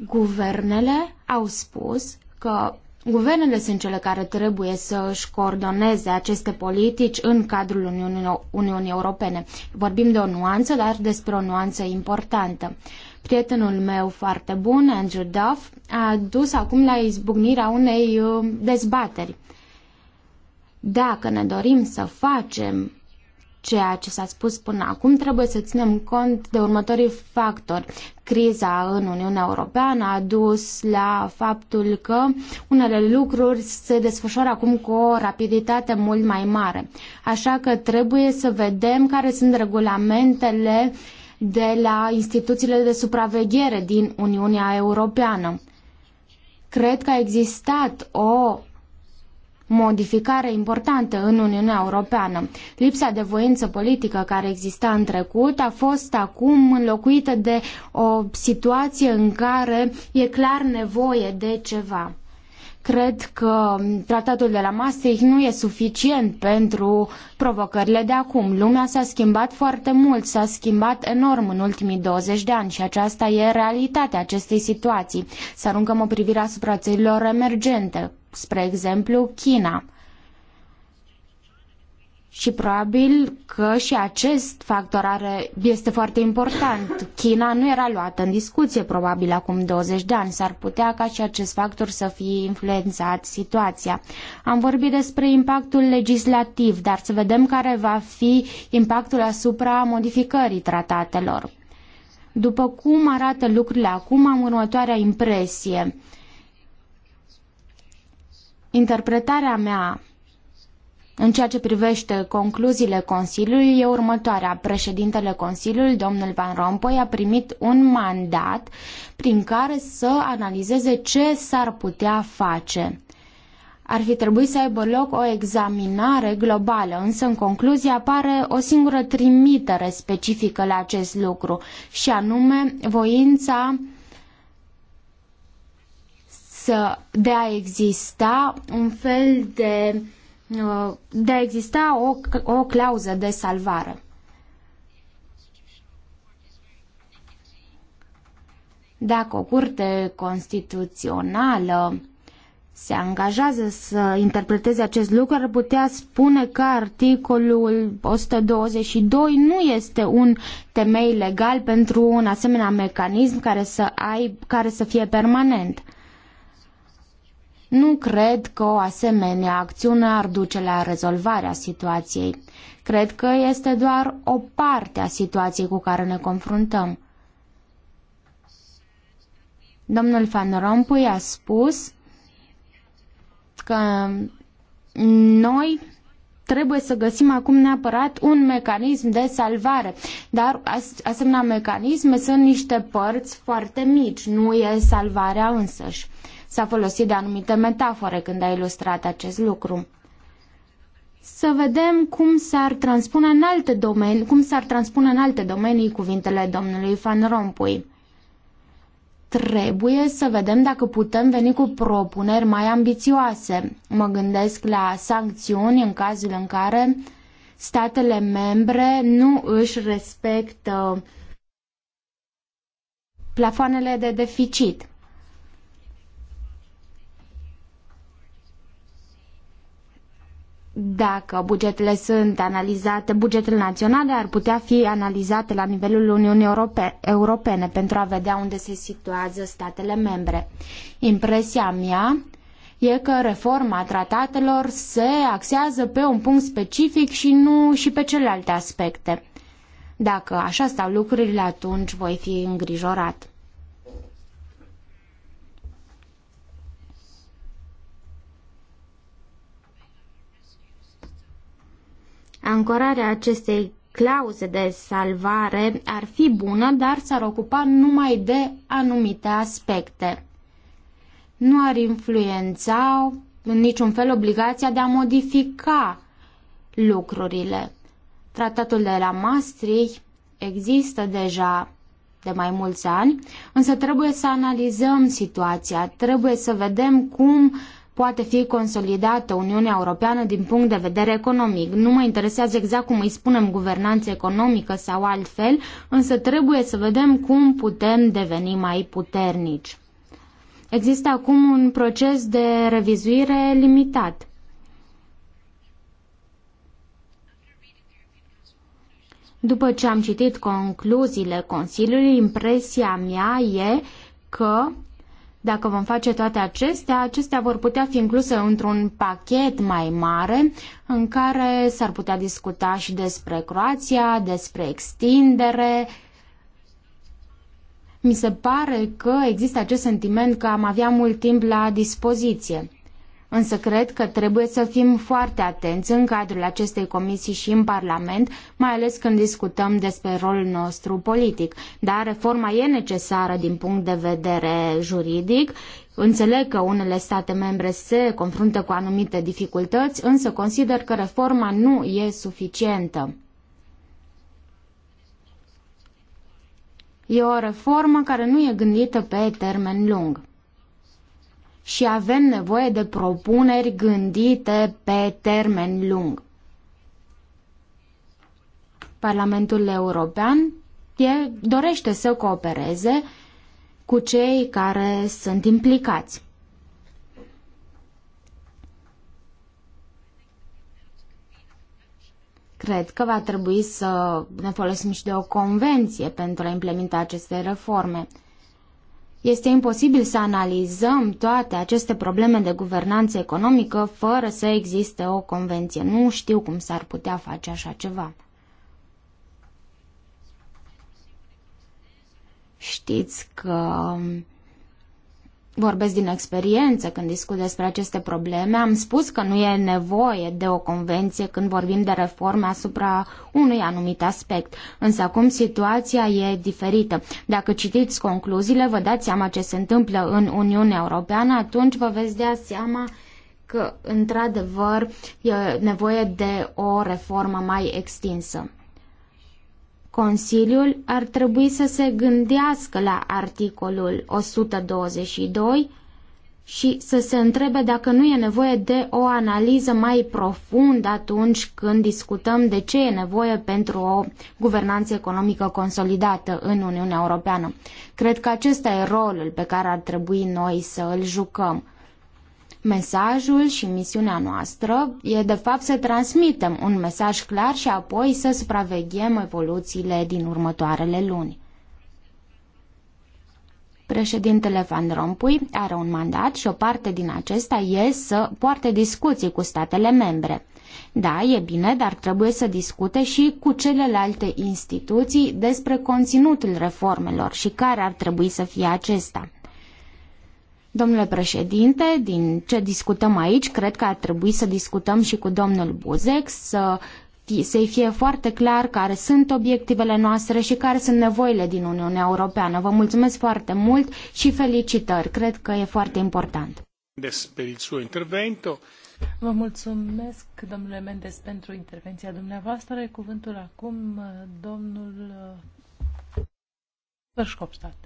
Guvernele au spus că guvernele sunt cele care trebuie să își coordoneze aceste politici în cadrul Uniunii, Uniunii Europene. Vorbim de o nuanță, dar despre o nuanță importantă. Prietenul meu foarte bun, Andrew Duff, a dus acum la izbucnirea unei uh, dezbateri. Dacă ne dorim să facem ceea ce s-a spus până acum, trebuie să ținem cont de următorii factori. Criza în Uniunea Europeană a dus la faptul că unele lucruri se desfășoară acum cu o rapiditate mult mai mare. Așa că trebuie să vedem care sunt regulamentele de la instituțiile de supraveghere din Uniunea Europeană. Cred că a existat o modificare importantă în Uniunea Europeană. Lipsa de voință politică care exista în trecut a fost acum înlocuită de o situație în care e clar nevoie de ceva. Cred că tratatul de la Maastricht nu e suficient pentru provocările de acum. Lumea s-a schimbat foarte mult, s-a schimbat enorm în ultimii 20 de ani și aceasta e realitatea acestei situații. Să aruncăm o privire asupra țărilor emergente spre exemplu, China. Și probabil că și acest factor are, este foarte important. China nu era luată în discuție probabil acum 20 de ani. S-ar putea ca și acest factor să fie influențat situația. Am vorbit despre impactul legislativ, dar să vedem care va fi impactul asupra modificării tratatelor. După cum arată lucrurile acum, am următoarea impresie. Interpretarea mea în ceea ce privește concluziile Consiliului e următoarea. Președintele Consiliului, domnul Van Rompuy, a primit un mandat prin care să analizeze ce s-ar putea face. Ar fi trebuit să aibă loc o examinare globală, însă în concluzie apare o singură trimitere specifică la acest lucru, și anume voința să, de a exista un fel de uh, de a exista o, o clauză de salvare. Dacă o curte constituțională se angajează să interpreteze acest lucru, ar putea spune că articolul 122 nu este un temei legal pentru un asemenea mecanism care să, ai, care să fie permanent. Nu cred că o asemenea acțiune ar duce la rezolvarea situației. Cred că este doar o parte a situației cu care ne confruntăm. Domnul Van Rompuy a spus că noi trebuie să găsim acum neapărat un mecanism de salvare. Dar asemenea mecanisme sunt niște părți foarte mici, nu e salvarea însăși. S-a folosit de anumite metafore când a ilustrat acest lucru. Să vedem cum s-ar transpune în alte domenii, cum s-ar transpune în alte domenii cuvintele domnului Van Rompuy trebuie să vedem dacă putem veni cu propuneri mai ambițioase. Mă gândesc la sancțiuni în cazul în care statele membre nu își respectă plafoanele de deficit. dacă bugetele sunt analizate, bugetele naționale ar putea fi analizate la nivelul Uniunii Europene pentru a vedea unde se situează statele membre. Impresia mea e că reforma tratatelor se axează pe un punct specific și nu și pe celelalte aspecte. Dacă așa stau lucrurile, atunci voi fi îngrijorat. Ancorarea acestei clauze de salvare ar fi bună, dar s-ar ocupa numai de anumite aspecte. Nu ar influența în niciun fel obligația de a modifica lucrurile. Tratatul de la Maastricht există deja de mai mulți ani, însă trebuie să analizăm situația, trebuie să vedem cum uh, poate fi consolidată Uniunea Europeană din punct de vedere economic. Nu mă interesează exact cum îi spunem guvernanță economică sau altfel, însă trebuie să vedem cum putem deveni mai puternici. Există acum un proces de revizuire limitat. După ce am citit concluziile Consiliului, impresia mea e că dacă vom face toate acestea, acestea vor putea fi incluse într-un pachet mai mare în care s-ar putea discuta și despre Croația, despre extindere. Mi se pare că există acest sentiment că am avea mult timp la dispoziție. Însă cred că trebuie să fim foarte atenți în cadrul acestei comisii și în Parlament, mai ales când discutăm despre rolul nostru politic. Dar reforma e necesară din punct de vedere juridic. Înțeleg că unele state membre se confruntă cu anumite dificultăți, însă consider că reforma nu e suficientă. E o reformă care nu e gândită pe termen lung și avem nevoie de propuneri gândite pe termen lung. Parlamentul European e, dorește să coopereze cu cei care sunt implicați. Cred că va trebui să ne folosim și de o convenție pentru a implementa aceste reforme. Este imposibil să analizăm toate aceste probleme de guvernanță economică fără să existe o convenție. Nu știu cum s-ar putea face așa ceva. Știți că vorbesc din experiență când discut despre aceste probleme. Am spus că nu e nevoie de o convenție când vorbim de reforme asupra unui anumit aspect. Însă acum situația e diferită. Dacă citiți concluziile, vă dați seama ce se întâmplă în Uniunea Europeană, atunci vă veți da seama că, într-adevăr, e nevoie de o reformă mai extinsă. Consiliul ar trebui să se gândească la articolul 122 și să se întrebe dacă nu e nevoie de o analiză mai profundă atunci când discutăm de ce e nevoie pentru o guvernanță economică consolidată în Uniunea Europeană. Cred că acesta e rolul pe care ar trebui noi să îl jucăm. Mesajul și misiunea noastră e de fapt să transmitem un mesaj clar și apoi să supraveghem evoluțiile din următoarele luni. Președintele Van Rompuy are un mandat și o parte din acesta e să poarte discuții cu statele membre. Da, e bine, dar trebuie să discute și cu celelalte instituții despre conținutul reformelor și care ar trebui să fie acesta. Domnule președinte, din ce discutăm aici, cred că ar trebui să discutăm și cu domnul Buzek, să să-i fie foarte clar care sunt obiectivele noastre și care sunt nevoile din Uniunea Europeană. Vă mulțumesc foarte mult și felicitări. Cred că e foarte important. Vă mulțumesc, domnule Mendes, pentru intervenția dumneavoastră. cuvântul acum domnul uh, Verhofstadt.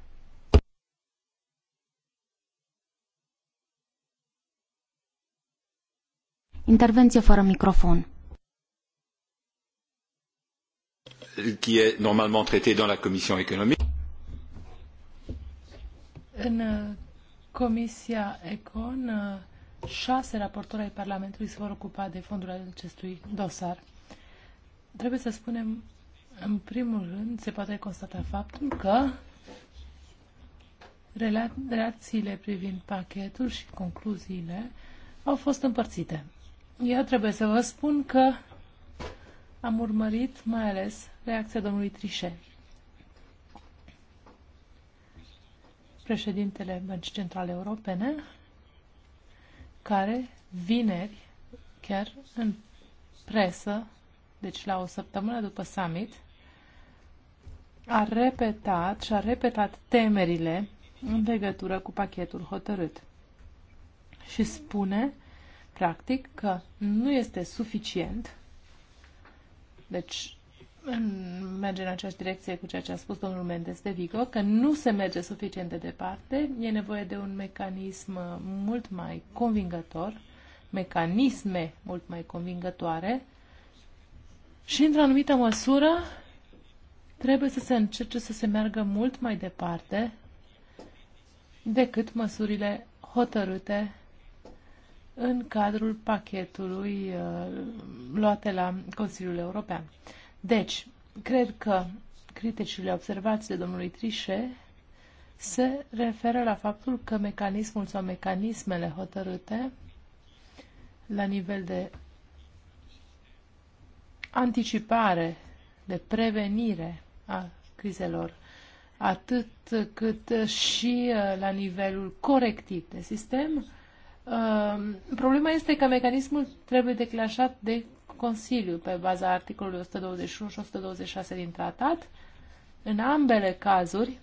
Intervenție fără microfon. Qui est normalement traité dans la Commission économique. În uh, Comisia Econ, uh, șase raportori ai Parlamentului se vor ocupa de fondurile acestui dosar. Trebuie să spunem, în primul rând, se poate constata faptul că relațiile privind pachetul și concluziile au fost împărțite. Eu trebuie să vă spun că am urmărit mai ales reacția domnului Trichet. președintele Băncii Centrale Europene, care vineri, chiar în presă, deci la o săptămână după summit, a repetat și a repetat temerile în legătură cu pachetul hotărât și spune practic, că nu este suficient. Deci, merge în aceeași direcție cu ceea ce a spus domnul Mendes de Vigo, că nu se merge suficient de departe, e nevoie de un mecanism mult mai convingător, mecanisme mult mai convingătoare și, într-o anumită măsură, trebuie să se încerce să se meargă mult mai departe decât măsurile hotărâte în cadrul pachetului uh, luate la Consiliul European. Deci, cred că criticile observațiile domnului Trișe se referă la faptul că mecanismul sau mecanismele hotărâte la nivel de anticipare, de prevenire a crizelor, atât cât și uh, la nivelul corectiv de sistem, Ehm, problema este că mecanismul trebuie declanșat de Consiliu pe baza articolului 121 și 126 din tratat. În ambele cazuri,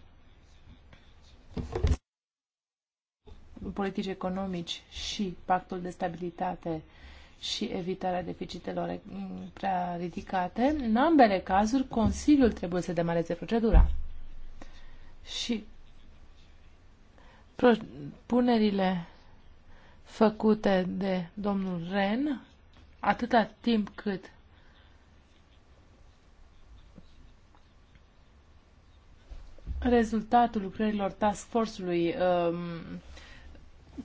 politici economici și pactul de stabilitate și evitarea deficitelor mm, prea ridicate, în ambele cazuri Consiliul trebuie să demareze procedura. Și punerile făcute de domnul Ren, atâta timp cât rezultatul lucrărilor task force-ului um,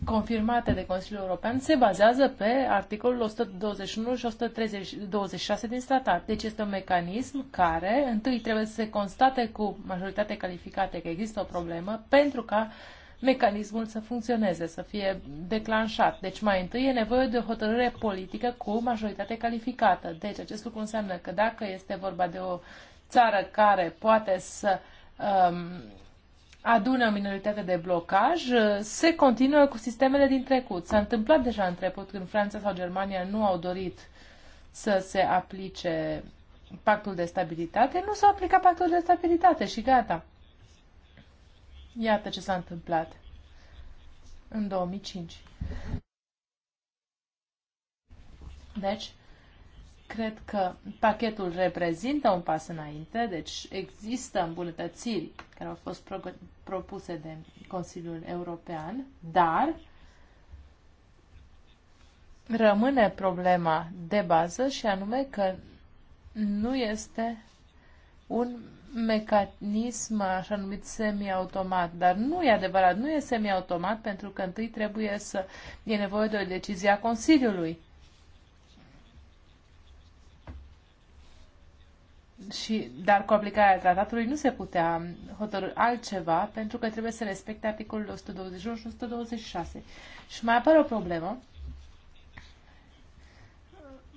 confirmate de Consiliul European se bazează pe articolul 121 și 126 din statat. Deci este un mecanism care întâi trebuie să se constate cu majoritate calificată că există o problemă pentru ca uh, mecanismul să funcționeze, să fie declanșat. Deci mai întâi e nevoie de o hotărâre politică cu majoritate calificată. Deci acest lucru înseamnă că dacă este vorba de o țară care poate să um, adune o minoritate de blocaj, se continuă cu sistemele din trecut. S-a întâmplat deja în trecut când Franța sau Germania nu au dorit să se aplice pactul de stabilitate, nu s-a aplicat pactul de stabilitate și gata. Iată ce s-a întâmplat în 2005. Deci, cred că pachetul reprezintă un pas înainte, deci există îmbunătățiri care au fost pro propuse de Consiliul European, dar rămâne problema de bază și anume că nu este un mecanism așa numit semiautomat, dar nu e adevărat, nu e semiautomat pentru că întâi trebuie să e nevoie de o decizie a Consiliului. Și, dar cu aplicarea tratatului nu se putea hotărâ altceva pentru că trebuie să respecte articolul 121 și 126. Și mai apare o problemă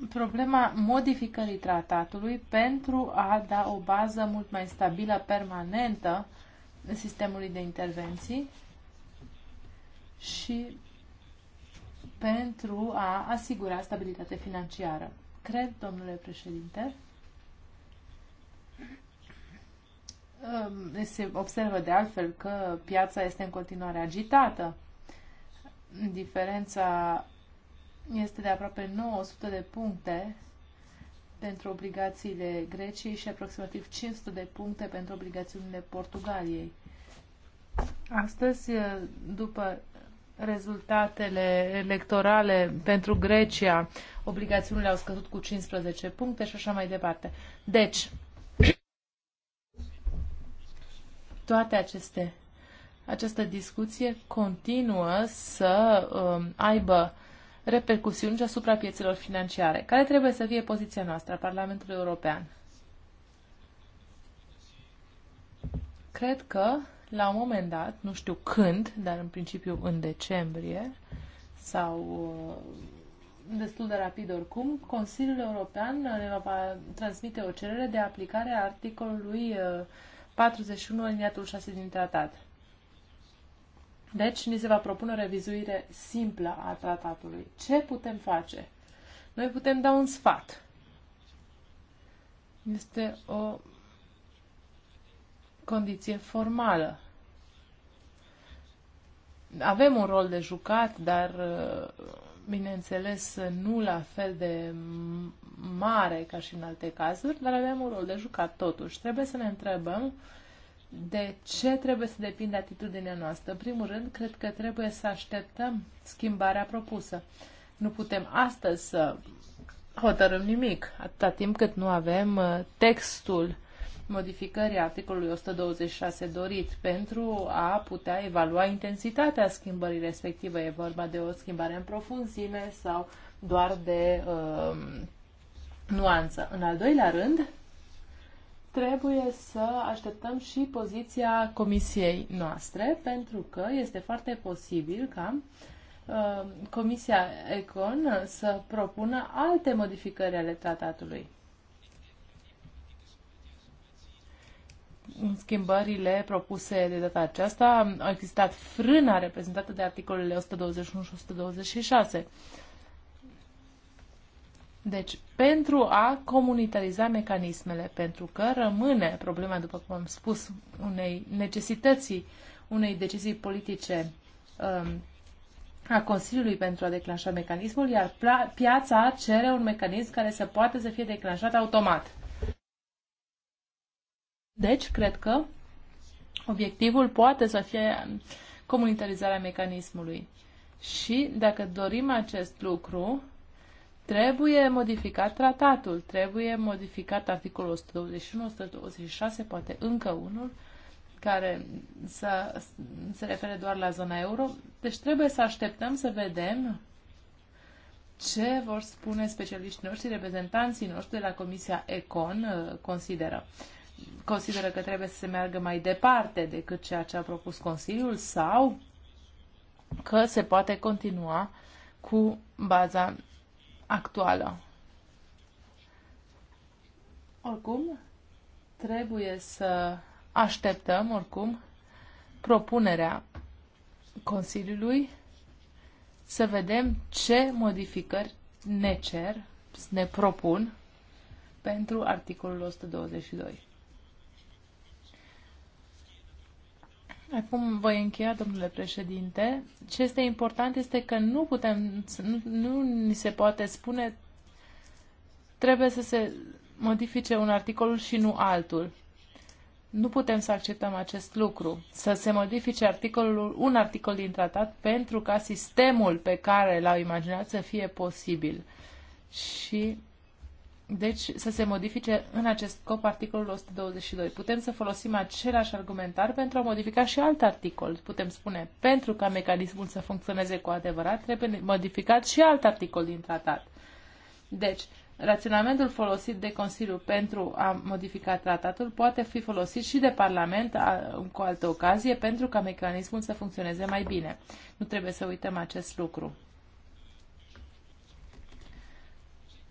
problema modificării tratatului pentru a da o bază mult mai stabilă, permanentă sistemului de intervenții și pentru a asigura stabilitate financiară. Cred, domnule președinte, um, se observă de altfel că piața este în continuare agitată. Diferența este de aproape 900 de puncte pentru obligațiile Greciei și aproximativ 500 de puncte pentru obligațiunile Portugaliei. Astăzi, după rezultatele electorale pentru Grecia, obligațiunile au scăzut cu 15 puncte și așa mai departe. Deci, toate aceste, această discuție continuă să um, aibă repercusiuni și asupra piețelor financiare. Care trebuie să fie poziția noastră a Parlamentului European? Cred că, la un moment dat, nu știu când, dar în principiu în decembrie, sau uh, destul de rapid oricum, Consiliul European uh, ne va transmite o cerere de aplicare a articolului 41 uh, aliniatul 6 din tratat. Deci, ni se va propune o revizuire simplă a tratatului. Ce putem face? Noi putem da un sfat. Este o condiție formală. Avem un rol de jucat, dar uh, bineînțeles nu la fel de mare ca și în alte cazuri, dar avem un rol de jucat totuși. Trebuie să ne întrebăm uh, de ce trebuie să depinde atitudinea noastră? În primul rând, cred că trebuie să așteptăm schimbarea propusă. Nu putem astăzi să hotărâm nimic, atâta timp cât nu avem uh, textul modificării articolului 126 dorit pentru a putea evalua intensitatea schimbării respective. E vorba de o schimbare în profunzime sau doar de uh, nuanță. În al doilea rând, trebuie să așteptăm și poziția comisiei noastre, pentru că este foarte posibil ca uh, Comisia Econ să propună alte modificări ale tratatului. În Schimbările propuse de data aceasta au existat frâna reprezentată de articolele 121 și 126 deci, pentru a comunitariza mecanismele, pentru că rămâne problema, după cum am spus, unei necesității unei decizii politice um, a Consiliului pentru a declanșa mecanismul, iar piața cere un mecanism care să poată să fie declanșat automat. Deci, cred că obiectivul poate să fie comunitarizarea mecanismului. Și dacă dorim acest lucru, Trebuie modificat tratatul, trebuie modificat articolul 121, 126, poate încă unul, care să, se refere doar la zona euro. Deci trebuie să așteptăm să vedem ce vor spune specialiștii noștri, reprezentanții noștri de la Comisia Econ uh, consideră. Consideră că trebuie să se meargă mai departe decât ceea ce a propus Consiliul sau că se poate continua cu baza actuală. Oricum, trebuie să așteptăm, oricum, propunerea Consiliului să vedem ce modificări ne cer, ne propun pentru articolul 122. Acum voi încheia, domnule președinte. Ce este important este că nu putem, nu, nu ni se poate spune trebuie să se modifice un articol și nu altul. Nu putem să acceptăm acest lucru, să se modifice articolul, un articol din tratat pentru ca sistemul pe care l-au imaginat să fie posibil. Și deci să se modifice în acest scop articolul 122. Putem să folosim același argumentar pentru a modifica și alt articol. Putem spune, pentru ca mecanismul să funcționeze cu adevărat, trebuie modificat și alt articol din tratat. Deci, raționamentul folosit de Consiliu pentru a modifica tratatul poate fi folosit și de Parlament a, cu altă ocazie pentru ca mecanismul să funcționeze mai bine. Nu trebuie să uităm acest lucru.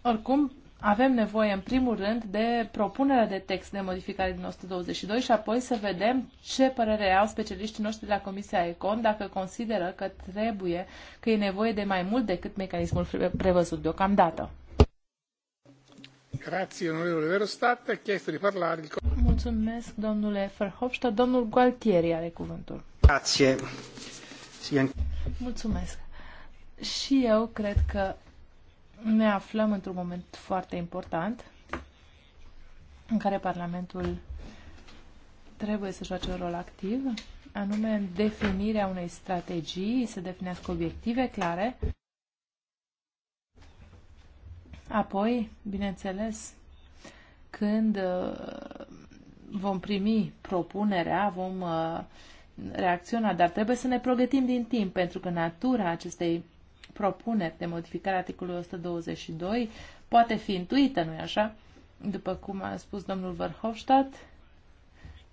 Oricum, avem nevoie, în primul rând, de propunerea de text de modificare din 122 și apoi să vedem ce părere au specialiștii noștri de la Comisia Econ dacă consideră că trebuie, că e nevoie de mai mult decât mecanismul prevăzut deocamdată. Grazie, onorevole Verostat. chiesto di parlare il... Mulțumesc, domnule Verhofstadt. Domnul Gualtieri are cuvântul. Grazie. Mulțumesc. Și eu cred că ne aflăm într-un moment foarte important în care Parlamentul trebuie să joace un rol activ, anume în definirea unei strategii, să definească obiective clare, apoi, bineînțeles, când uh, vom primi propunerea, vom uh, reacționa, dar trebuie să ne pregătim din timp, pentru că natura acestei propuneri de modificare a articolului 122 poate fi intuită, nu-i așa? După cum a spus domnul Verhofstadt,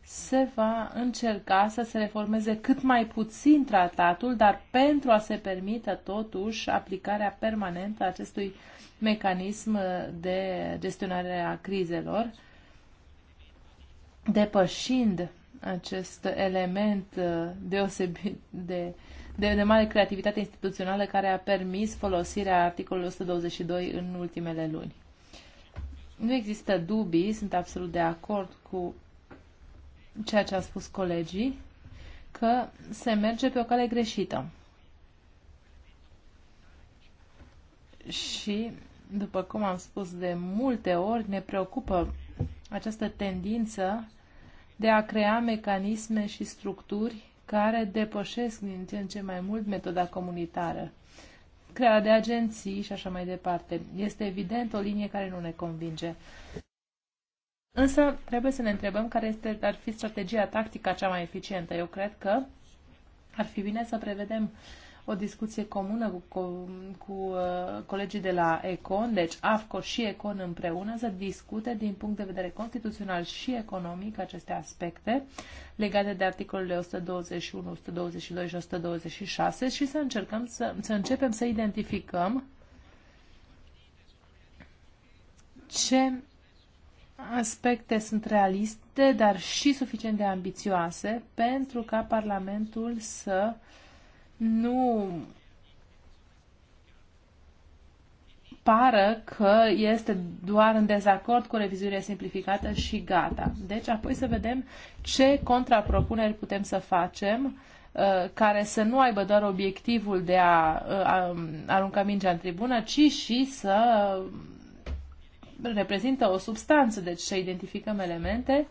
se va încerca să se reformeze cât mai puțin tratatul, dar pentru a se permite totuși aplicarea permanentă a acestui mecanism de gestionare a crizelor, depășind acest element uh, deosebit de de de, de mare creativitate instituțională care a permis folosirea articolului 122 în ultimele luni. Nu există dubii, sunt absolut de acord cu ceea ce a spus colegii, că se merge pe o cale greșită. Și, după cum am spus de multe ori, ne preocupă această tendință de a crea mecanisme și structuri care depășesc din ce în ce mai mult metoda comunitară. Crearea de agenții și așa mai departe. Este evident o linie care nu ne convinge. Însă trebuie să ne întrebăm care este, ar fi strategia tactică cea mai eficientă. Eu cred că ar fi bine să prevedem uh, o discuție comună cu, cu, cu uh, colegii de la Econ, deci AFCO și Econ împreună, să discute din punct de vedere constituțional și economic aceste aspecte legate de articolele 121, 122 și 126 și să încercăm să, să începem să identificăm ce aspecte sunt realiste, dar și suficient de ambițioase pentru ca Parlamentul să uh, nu pară că este doar în dezacord cu revizuirea simplificată și gata. Deci apoi să vedem ce contrapropuneri putem să facem uh, care să nu aibă doar obiectivul de a, uh, a um, arunca mingea în tribună, ci și să reprezintă o substanță, deci să identificăm elemente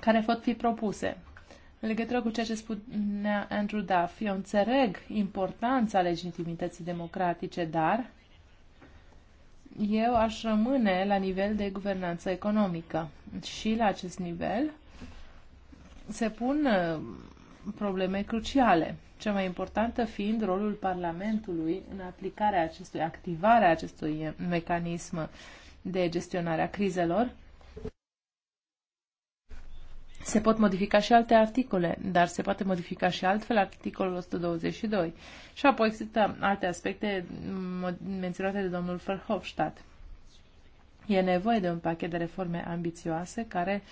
care pot fi propuse. În legătură cu ceea ce spunea Andrew Duff, eu înțeleg importanța legitimității democratice, dar eu aș rămâne la nivel de guvernanță economică. Și la acest nivel se pun uh, probleme cruciale, cea mai importantă fiind rolul Parlamentului în aplicarea acestui, activarea acestui mecanism de gestionare a crizelor se pot modifica și alte articole, dar se poate modifica și altfel articolul 122. Și apoi există alte aspecte mm, menționate de domnul Verhofstadt. E nevoie de un pachet de reforme ambițioase care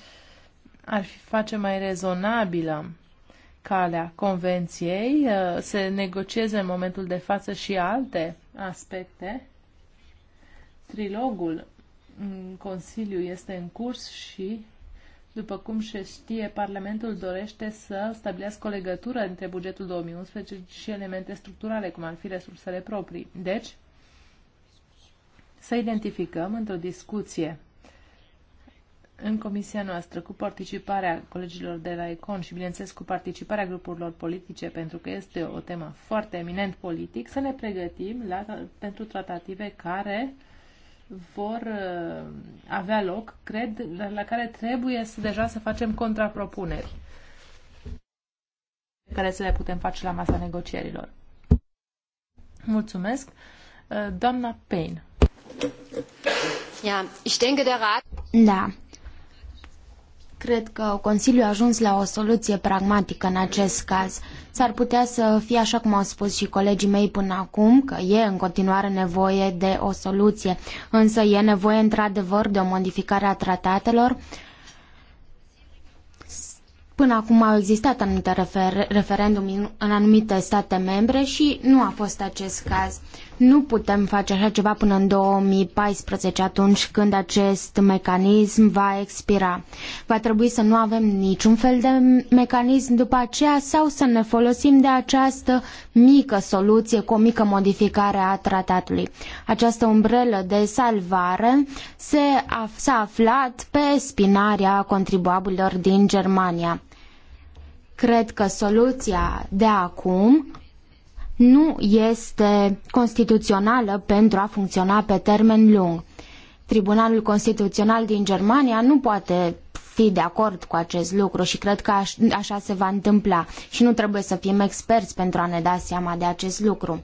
ar fi face mai rezonabilă calea convenției, uh, se negocieze în momentul de față și alte aspecte. Trilogul în mm, Consiliu este în curs și după cum se știe, Parlamentul dorește să stabilească o legătură între bugetul 2011 și elemente structurale, cum ar fi resursele proprii. Deci, să identificăm într-o discuție în comisia noastră, cu participarea colegilor de la ECON și, bineînțeles, cu participarea grupurilor politice, pentru că este o temă foarte eminent politic, să ne pregătim la, pentru tratative care uh, vor uh, avea loc, cred, la care trebuie să deja să facem contrapropuneri care să le putem face la masa negocierilor. Mulțumesc. Uh, doamna Payne. Ja, ich denke der Rat... Da. Cred că Consiliul a ajuns la o soluție pragmatică în acest caz. S-ar putea să fie așa cum au spus și colegii mei până acum, că e în continuare nevoie de o soluție, însă e nevoie într-adevăr de o modificare a tratatelor. Până acum au existat anumite refer referendum în anumite state membre și nu a fost acest caz. Nu putem face așa ceva până în 2014, atunci când acest mecanism va expira. Va trebui să nu avem niciun fel de mecanism după aceea sau să ne folosim de această mică soluție cu o mică modificare a tratatului. Această umbrelă de salvare s-a aflat pe spinarea contribuabililor din Germania. Cred că soluția de acum nu este constituțională pentru a funcționa pe termen lung. Tribunalul Constituțional din Germania nu poate fi de acord cu acest lucru și cred că așa se va întâmpla și nu trebuie să fim experți pentru a ne da seama de acest lucru.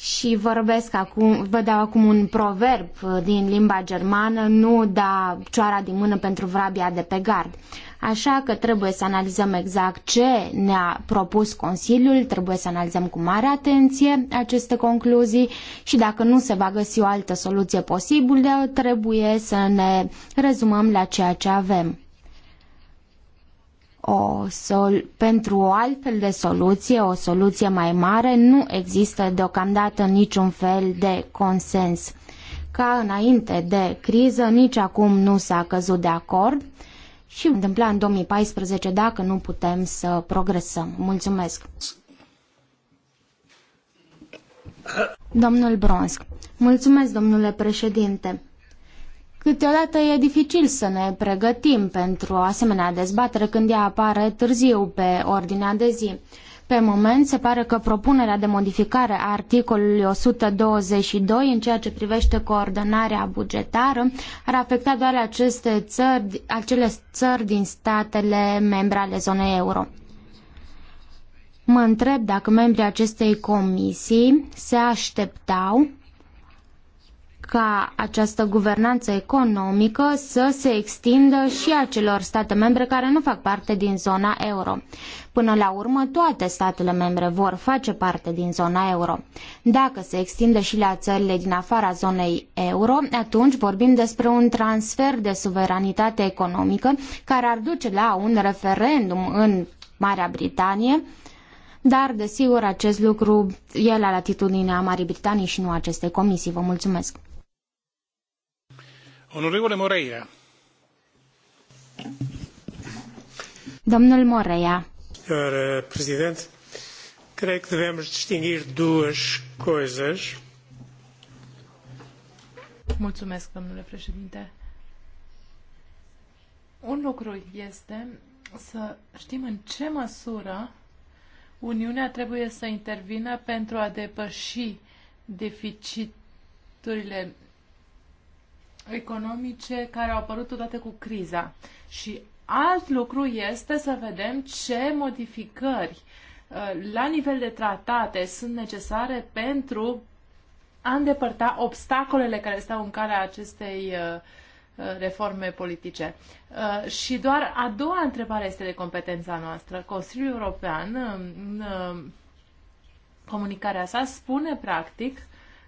și vorbesc acum, vă dau acum un proverb uh, din limba germană, nu da cioara din mână pentru vrabia de pe gard. Așa că trebuie să analizăm exact ce ne-a propus Consiliul, trebuie să analizăm cu mare atenție aceste concluzii și dacă nu se va găsi o altă soluție posibilă, trebuie să ne rezumăm la ceea ce avem o sol, pentru o altfel de soluție, o soluție mai mare, nu există deocamdată niciun fel de consens. Ca înainte de criză, nici acum nu s-a căzut de acord și întâmpla în 2014 dacă nu putem să progresăm. Mulțumesc! Domnul Bronsk. Mulțumesc, domnule președinte. Câteodată e dificil să ne pregătim pentru o asemenea dezbatere când ea apare târziu pe ordinea de zi. Pe moment se pare că propunerea de modificare a articolului 122 în ceea ce privește coordonarea bugetară ar afecta doar aceste țări, acele țări din statele membre ale zonei euro. Mă întreb dacă membrii acestei comisii se așteptau ca această guvernanță economică să se extindă și acelor state membre care nu fac parte din zona euro. Până la urmă, toate statele membre vor face parte din zona euro. Dacă se extinde și la țările din afara zonei euro, atunci vorbim despre un transfer de suveranitate economică care ar duce la un referendum în Marea Britanie, dar, desigur, acest lucru e la latitudinea Marii Britanii și nu acestei comisii. Vă mulțumesc! Domnule Moreira. Domnul Moreira. Senhor eh, Presidente, creio que devemos distinguir duas coisas. Mulțumesc, domnule președinte. Un lucru este să știm în ce măsură Uniunea trebuie să intervină pentru a depăși deficiturile economice care au apărut odată cu criza. Și alt lucru este să vedem ce modificări uh, la nivel de tratate sunt necesare pentru a îndepărta obstacolele care stau în calea acestei uh, uh, reforme politice. Și doar a doua întrebare este de competența noastră. Consiliul European, în comunicarea sa, spune practic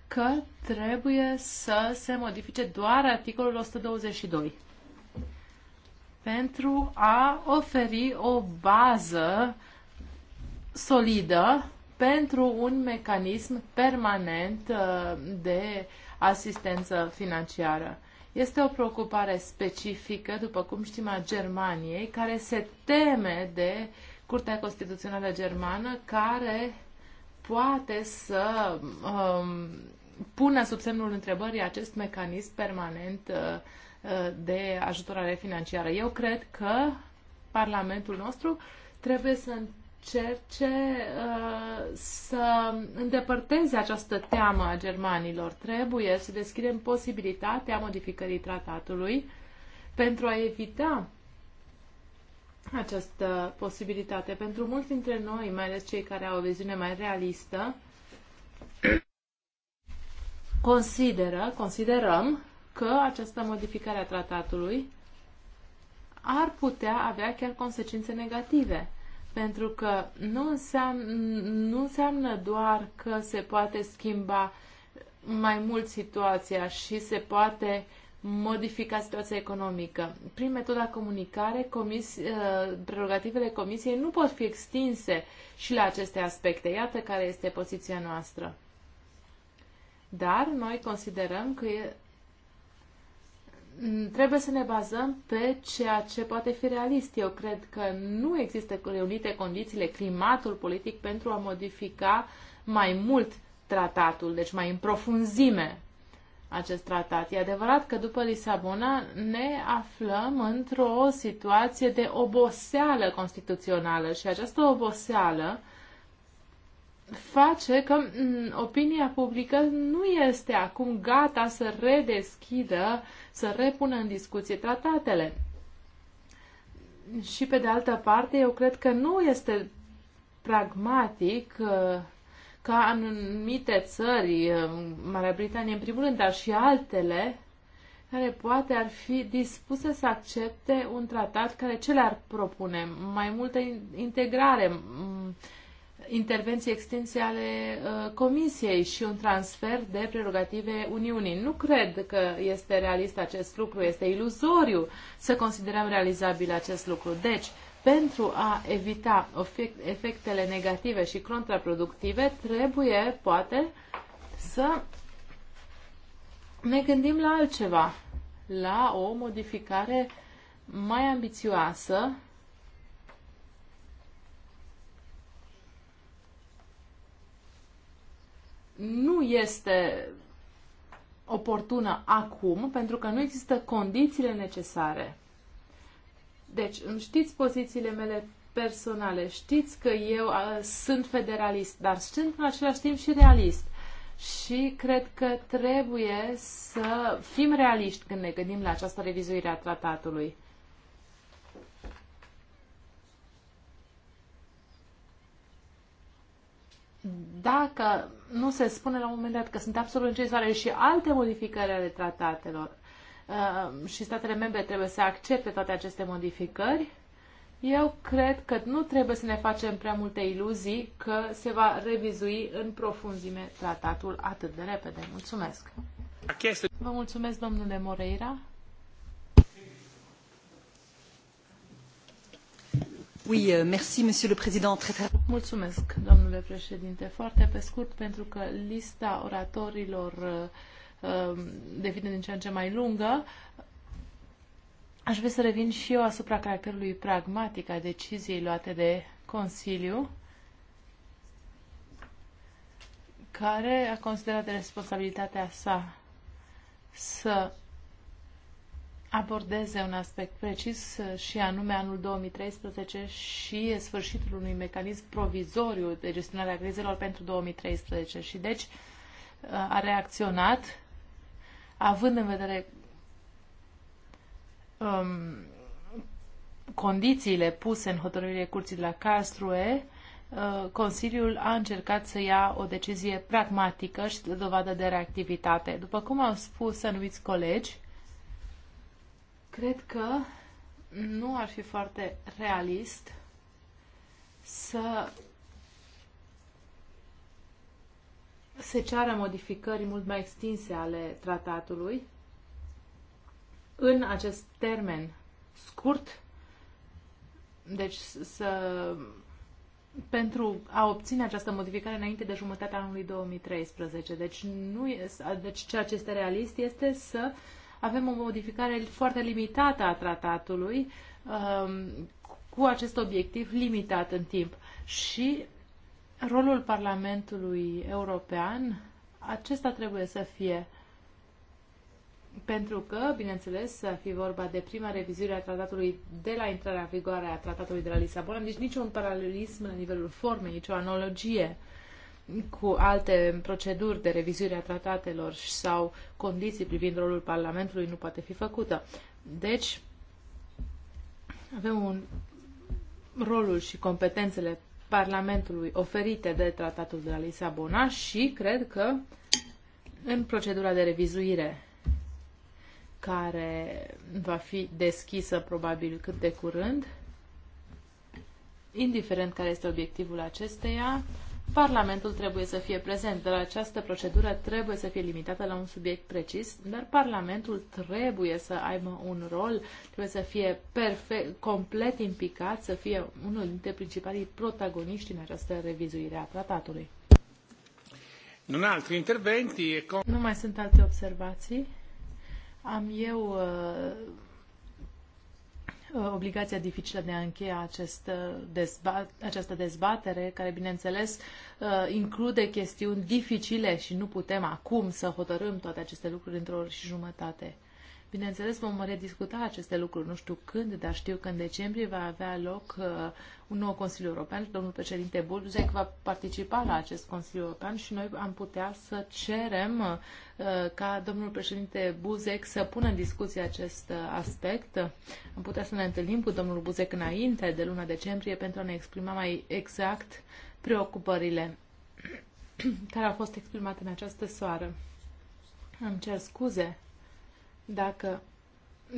că trebuie să se modifice doar articolul 122 pentru a oferi o bază solidă pentru un mecanism permanent uh, de asistență financiară. Este o preocupare specifică, după cum știm, a Germaniei, care se teme de Curtea Constituțională Germană, care poate să um, pună sub semnul întrebării acest mecanism permanent uh, uh, de ajutorare financiară. Eu cred că Parlamentul nostru trebuie să încerce uh, să îndepărteze această teamă a germanilor. Trebuie să deschidem posibilitatea modificării tratatului pentru a evita această posibilitate. Pentru mulți dintre noi, mai ales cei care au o viziune mai realistă, consideră, considerăm că această modificare a tratatului ar putea avea chiar consecințe negative. Pentru că nu înseamnă, nu înseamnă doar că se poate schimba mai mult situația și se poate uh, modifica situația economică. Prin metoda comunicare, comis, uh, prerogativele Comisiei nu pot fi extinse și la aceste aspecte. Iată care este poziția noastră. Dar noi considerăm că e, trebuie să ne bazăm pe ceea ce poate fi realist. Eu cred că nu există reunite condițiile, climatul politic pentru a modifica mai mult tratatul, deci mai în profunzime acest tratat. E adevărat că după Lisabona ne aflăm într-o situație de oboseală constituțională și această oboseală face că opinia publică nu este acum gata să redeschidă, să repună în discuție tratatele. Și pe de altă parte, eu cred că nu este pragmatic uh, ca anumite țări, Marea Britanie în primul rând, dar și altele, care poate ar fi dispuse să accepte un tratat care ce le-ar propune? Mai multă integrare, intervenții extinse ale ă, Comisiei și un transfer de prerogative Uniunii. Nu cred că este realist acest lucru, este iluzoriu să considerăm realizabil acest lucru. Deci, pentru a evita efectele negative și contraproductive, trebuie, poate, să ne gândim la altceva, la o modificare mai ambițioasă nu este oportună acum pentru că nu există condițiile necesare. Deci, știți pozițiile mele personale, știți că eu a, sunt federalist, dar sunt în același timp și realist. Și cred că trebuie să fim realiști când ne gândim la această revizuire a tratatului. Dacă nu se spune la un moment dat că sunt absolut necesare și alte modificări ale tratatelor, Ehm, și statele membre trebuie să accepte toate aceste modificări. Eu cred că nu trebuie să ne facem prea multe iluzii că se va revizui în profunzime tratatul atât de repede. Mulțumesc! Vă mulțumesc, domnule Moreira. Oui, euh, merci, monsieur le président. Mulțumesc, domnule președinte. Foarte pe scurt, pentru că lista oratorilor uh, Um, devine din ce în ce mai lungă, aș vrea să revin și eu asupra caracterului pragmatic a deciziei luate de Consiliu, care a considerat responsabilitatea sa să abordeze un aspect precis și anume anul 2013 și sfârșitul unui mecanism provizoriu de gestionare a crizelor pentru 2013 și deci uh, a reacționat având în vedere um, condițiile puse în hotărârile curții de la Castrue, uh, Consiliul a încercat să ia o decizie pragmatică și de dovadă de reactivitate. După cum au spus anumiți colegi, cred că nu ar fi foarte realist să se ceară modificări mult mai extinse ale tratatului în acest termen scurt, deci să, pentru a obține această modificare înainte de jumătatea anului 2013. Deci, nu este, deci ceea ce este realist este să avem o modificare foarte limitată a tratatului um, cu acest obiectiv limitat în timp. Și rolul Parlamentului European, acesta trebuie să fie pentru că, bineînțeles, să fi vorba de prima revizuire a tratatului de la intrarea în vigoare a tratatului de la Lisabona, deci niciun paralelism la nivelul formei, nicio analogie cu alte proceduri de revizuire a tratatelor sau condiții privind rolul Parlamentului nu poate fi făcută. Deci, avem un rolul și competențele Parlamentului oferite de Tratatul de la Lisabona și cred că în procedura de revizuire care va fi deschisă probabil cât de curând, indiferent care este obiectivul acesteia, Parlamentul trebuie să fie prezent, dar această procedură trebuie să fie limitată la un subiect precis, dar Parlamentul trebuie să aibă un rol, trebuie să fie perfect, complet implicat, să fie unul dintre principalii protagoniști în această revizuire a tratatului. altri interventi. Nu mai sunt alte observații. Am eu uh, Uh, obligația dificilă de a încheia acest uh, dezbat, această dezbatere, care, bineînțeles, uh, include chestiuni dificile și nu putem acum să hotărâm toate aceste lucruri într-o oră și jumătate. Bineînțeles, vom rediscuta aceste lucruri, nu știu când, dar știu că în decembrie va avea loc uh, un nou Consiliu European și domnul președinte Bulzec va participa la acest Consiliu European și noi am putea să cerem uh, ca domnul președinte Buzek să pună în discuție acest uh, aspect. Am putea să ne întâlnim cu domnul Buzek înainte de luna decembrie pentru a ne exprima mai exact preocupările care au fost exprimate în această soară. Îmi cer scuze dacă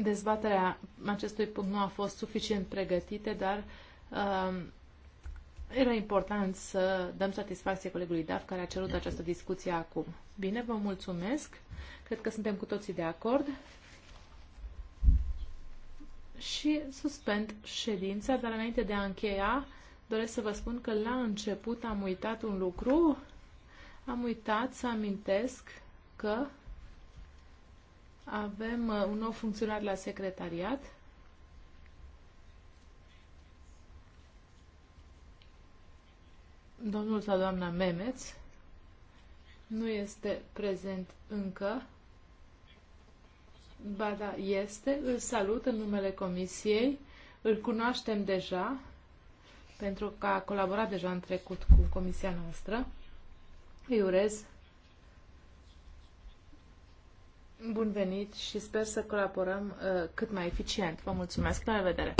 dezbaterea acestui punct nu a fost suficient pregătită, dar uh, era important să dăm satisfacție colegului DAF care a cerut această discuție acum. Bine, vă mulțumesc. Cred că suntem cu toții de acord. Și suspend ședința, dar înainte de a încheia, doresc să vă spun că la început am uitat un lucru. Am uitat să amintesc că avem uh, un nou funcționar la secretariat. Domnul sau doamna Memeț nu este prezent încă. Ba da, este. Îl salut în numele comisiei. Îl cunoaștem deja pentru că a colaborat deja în trecut cu comisia noastră. Îi urez Bun venit și sper să colaborăm uh, cât mai eficient. Vă mulțumesc. La revedere!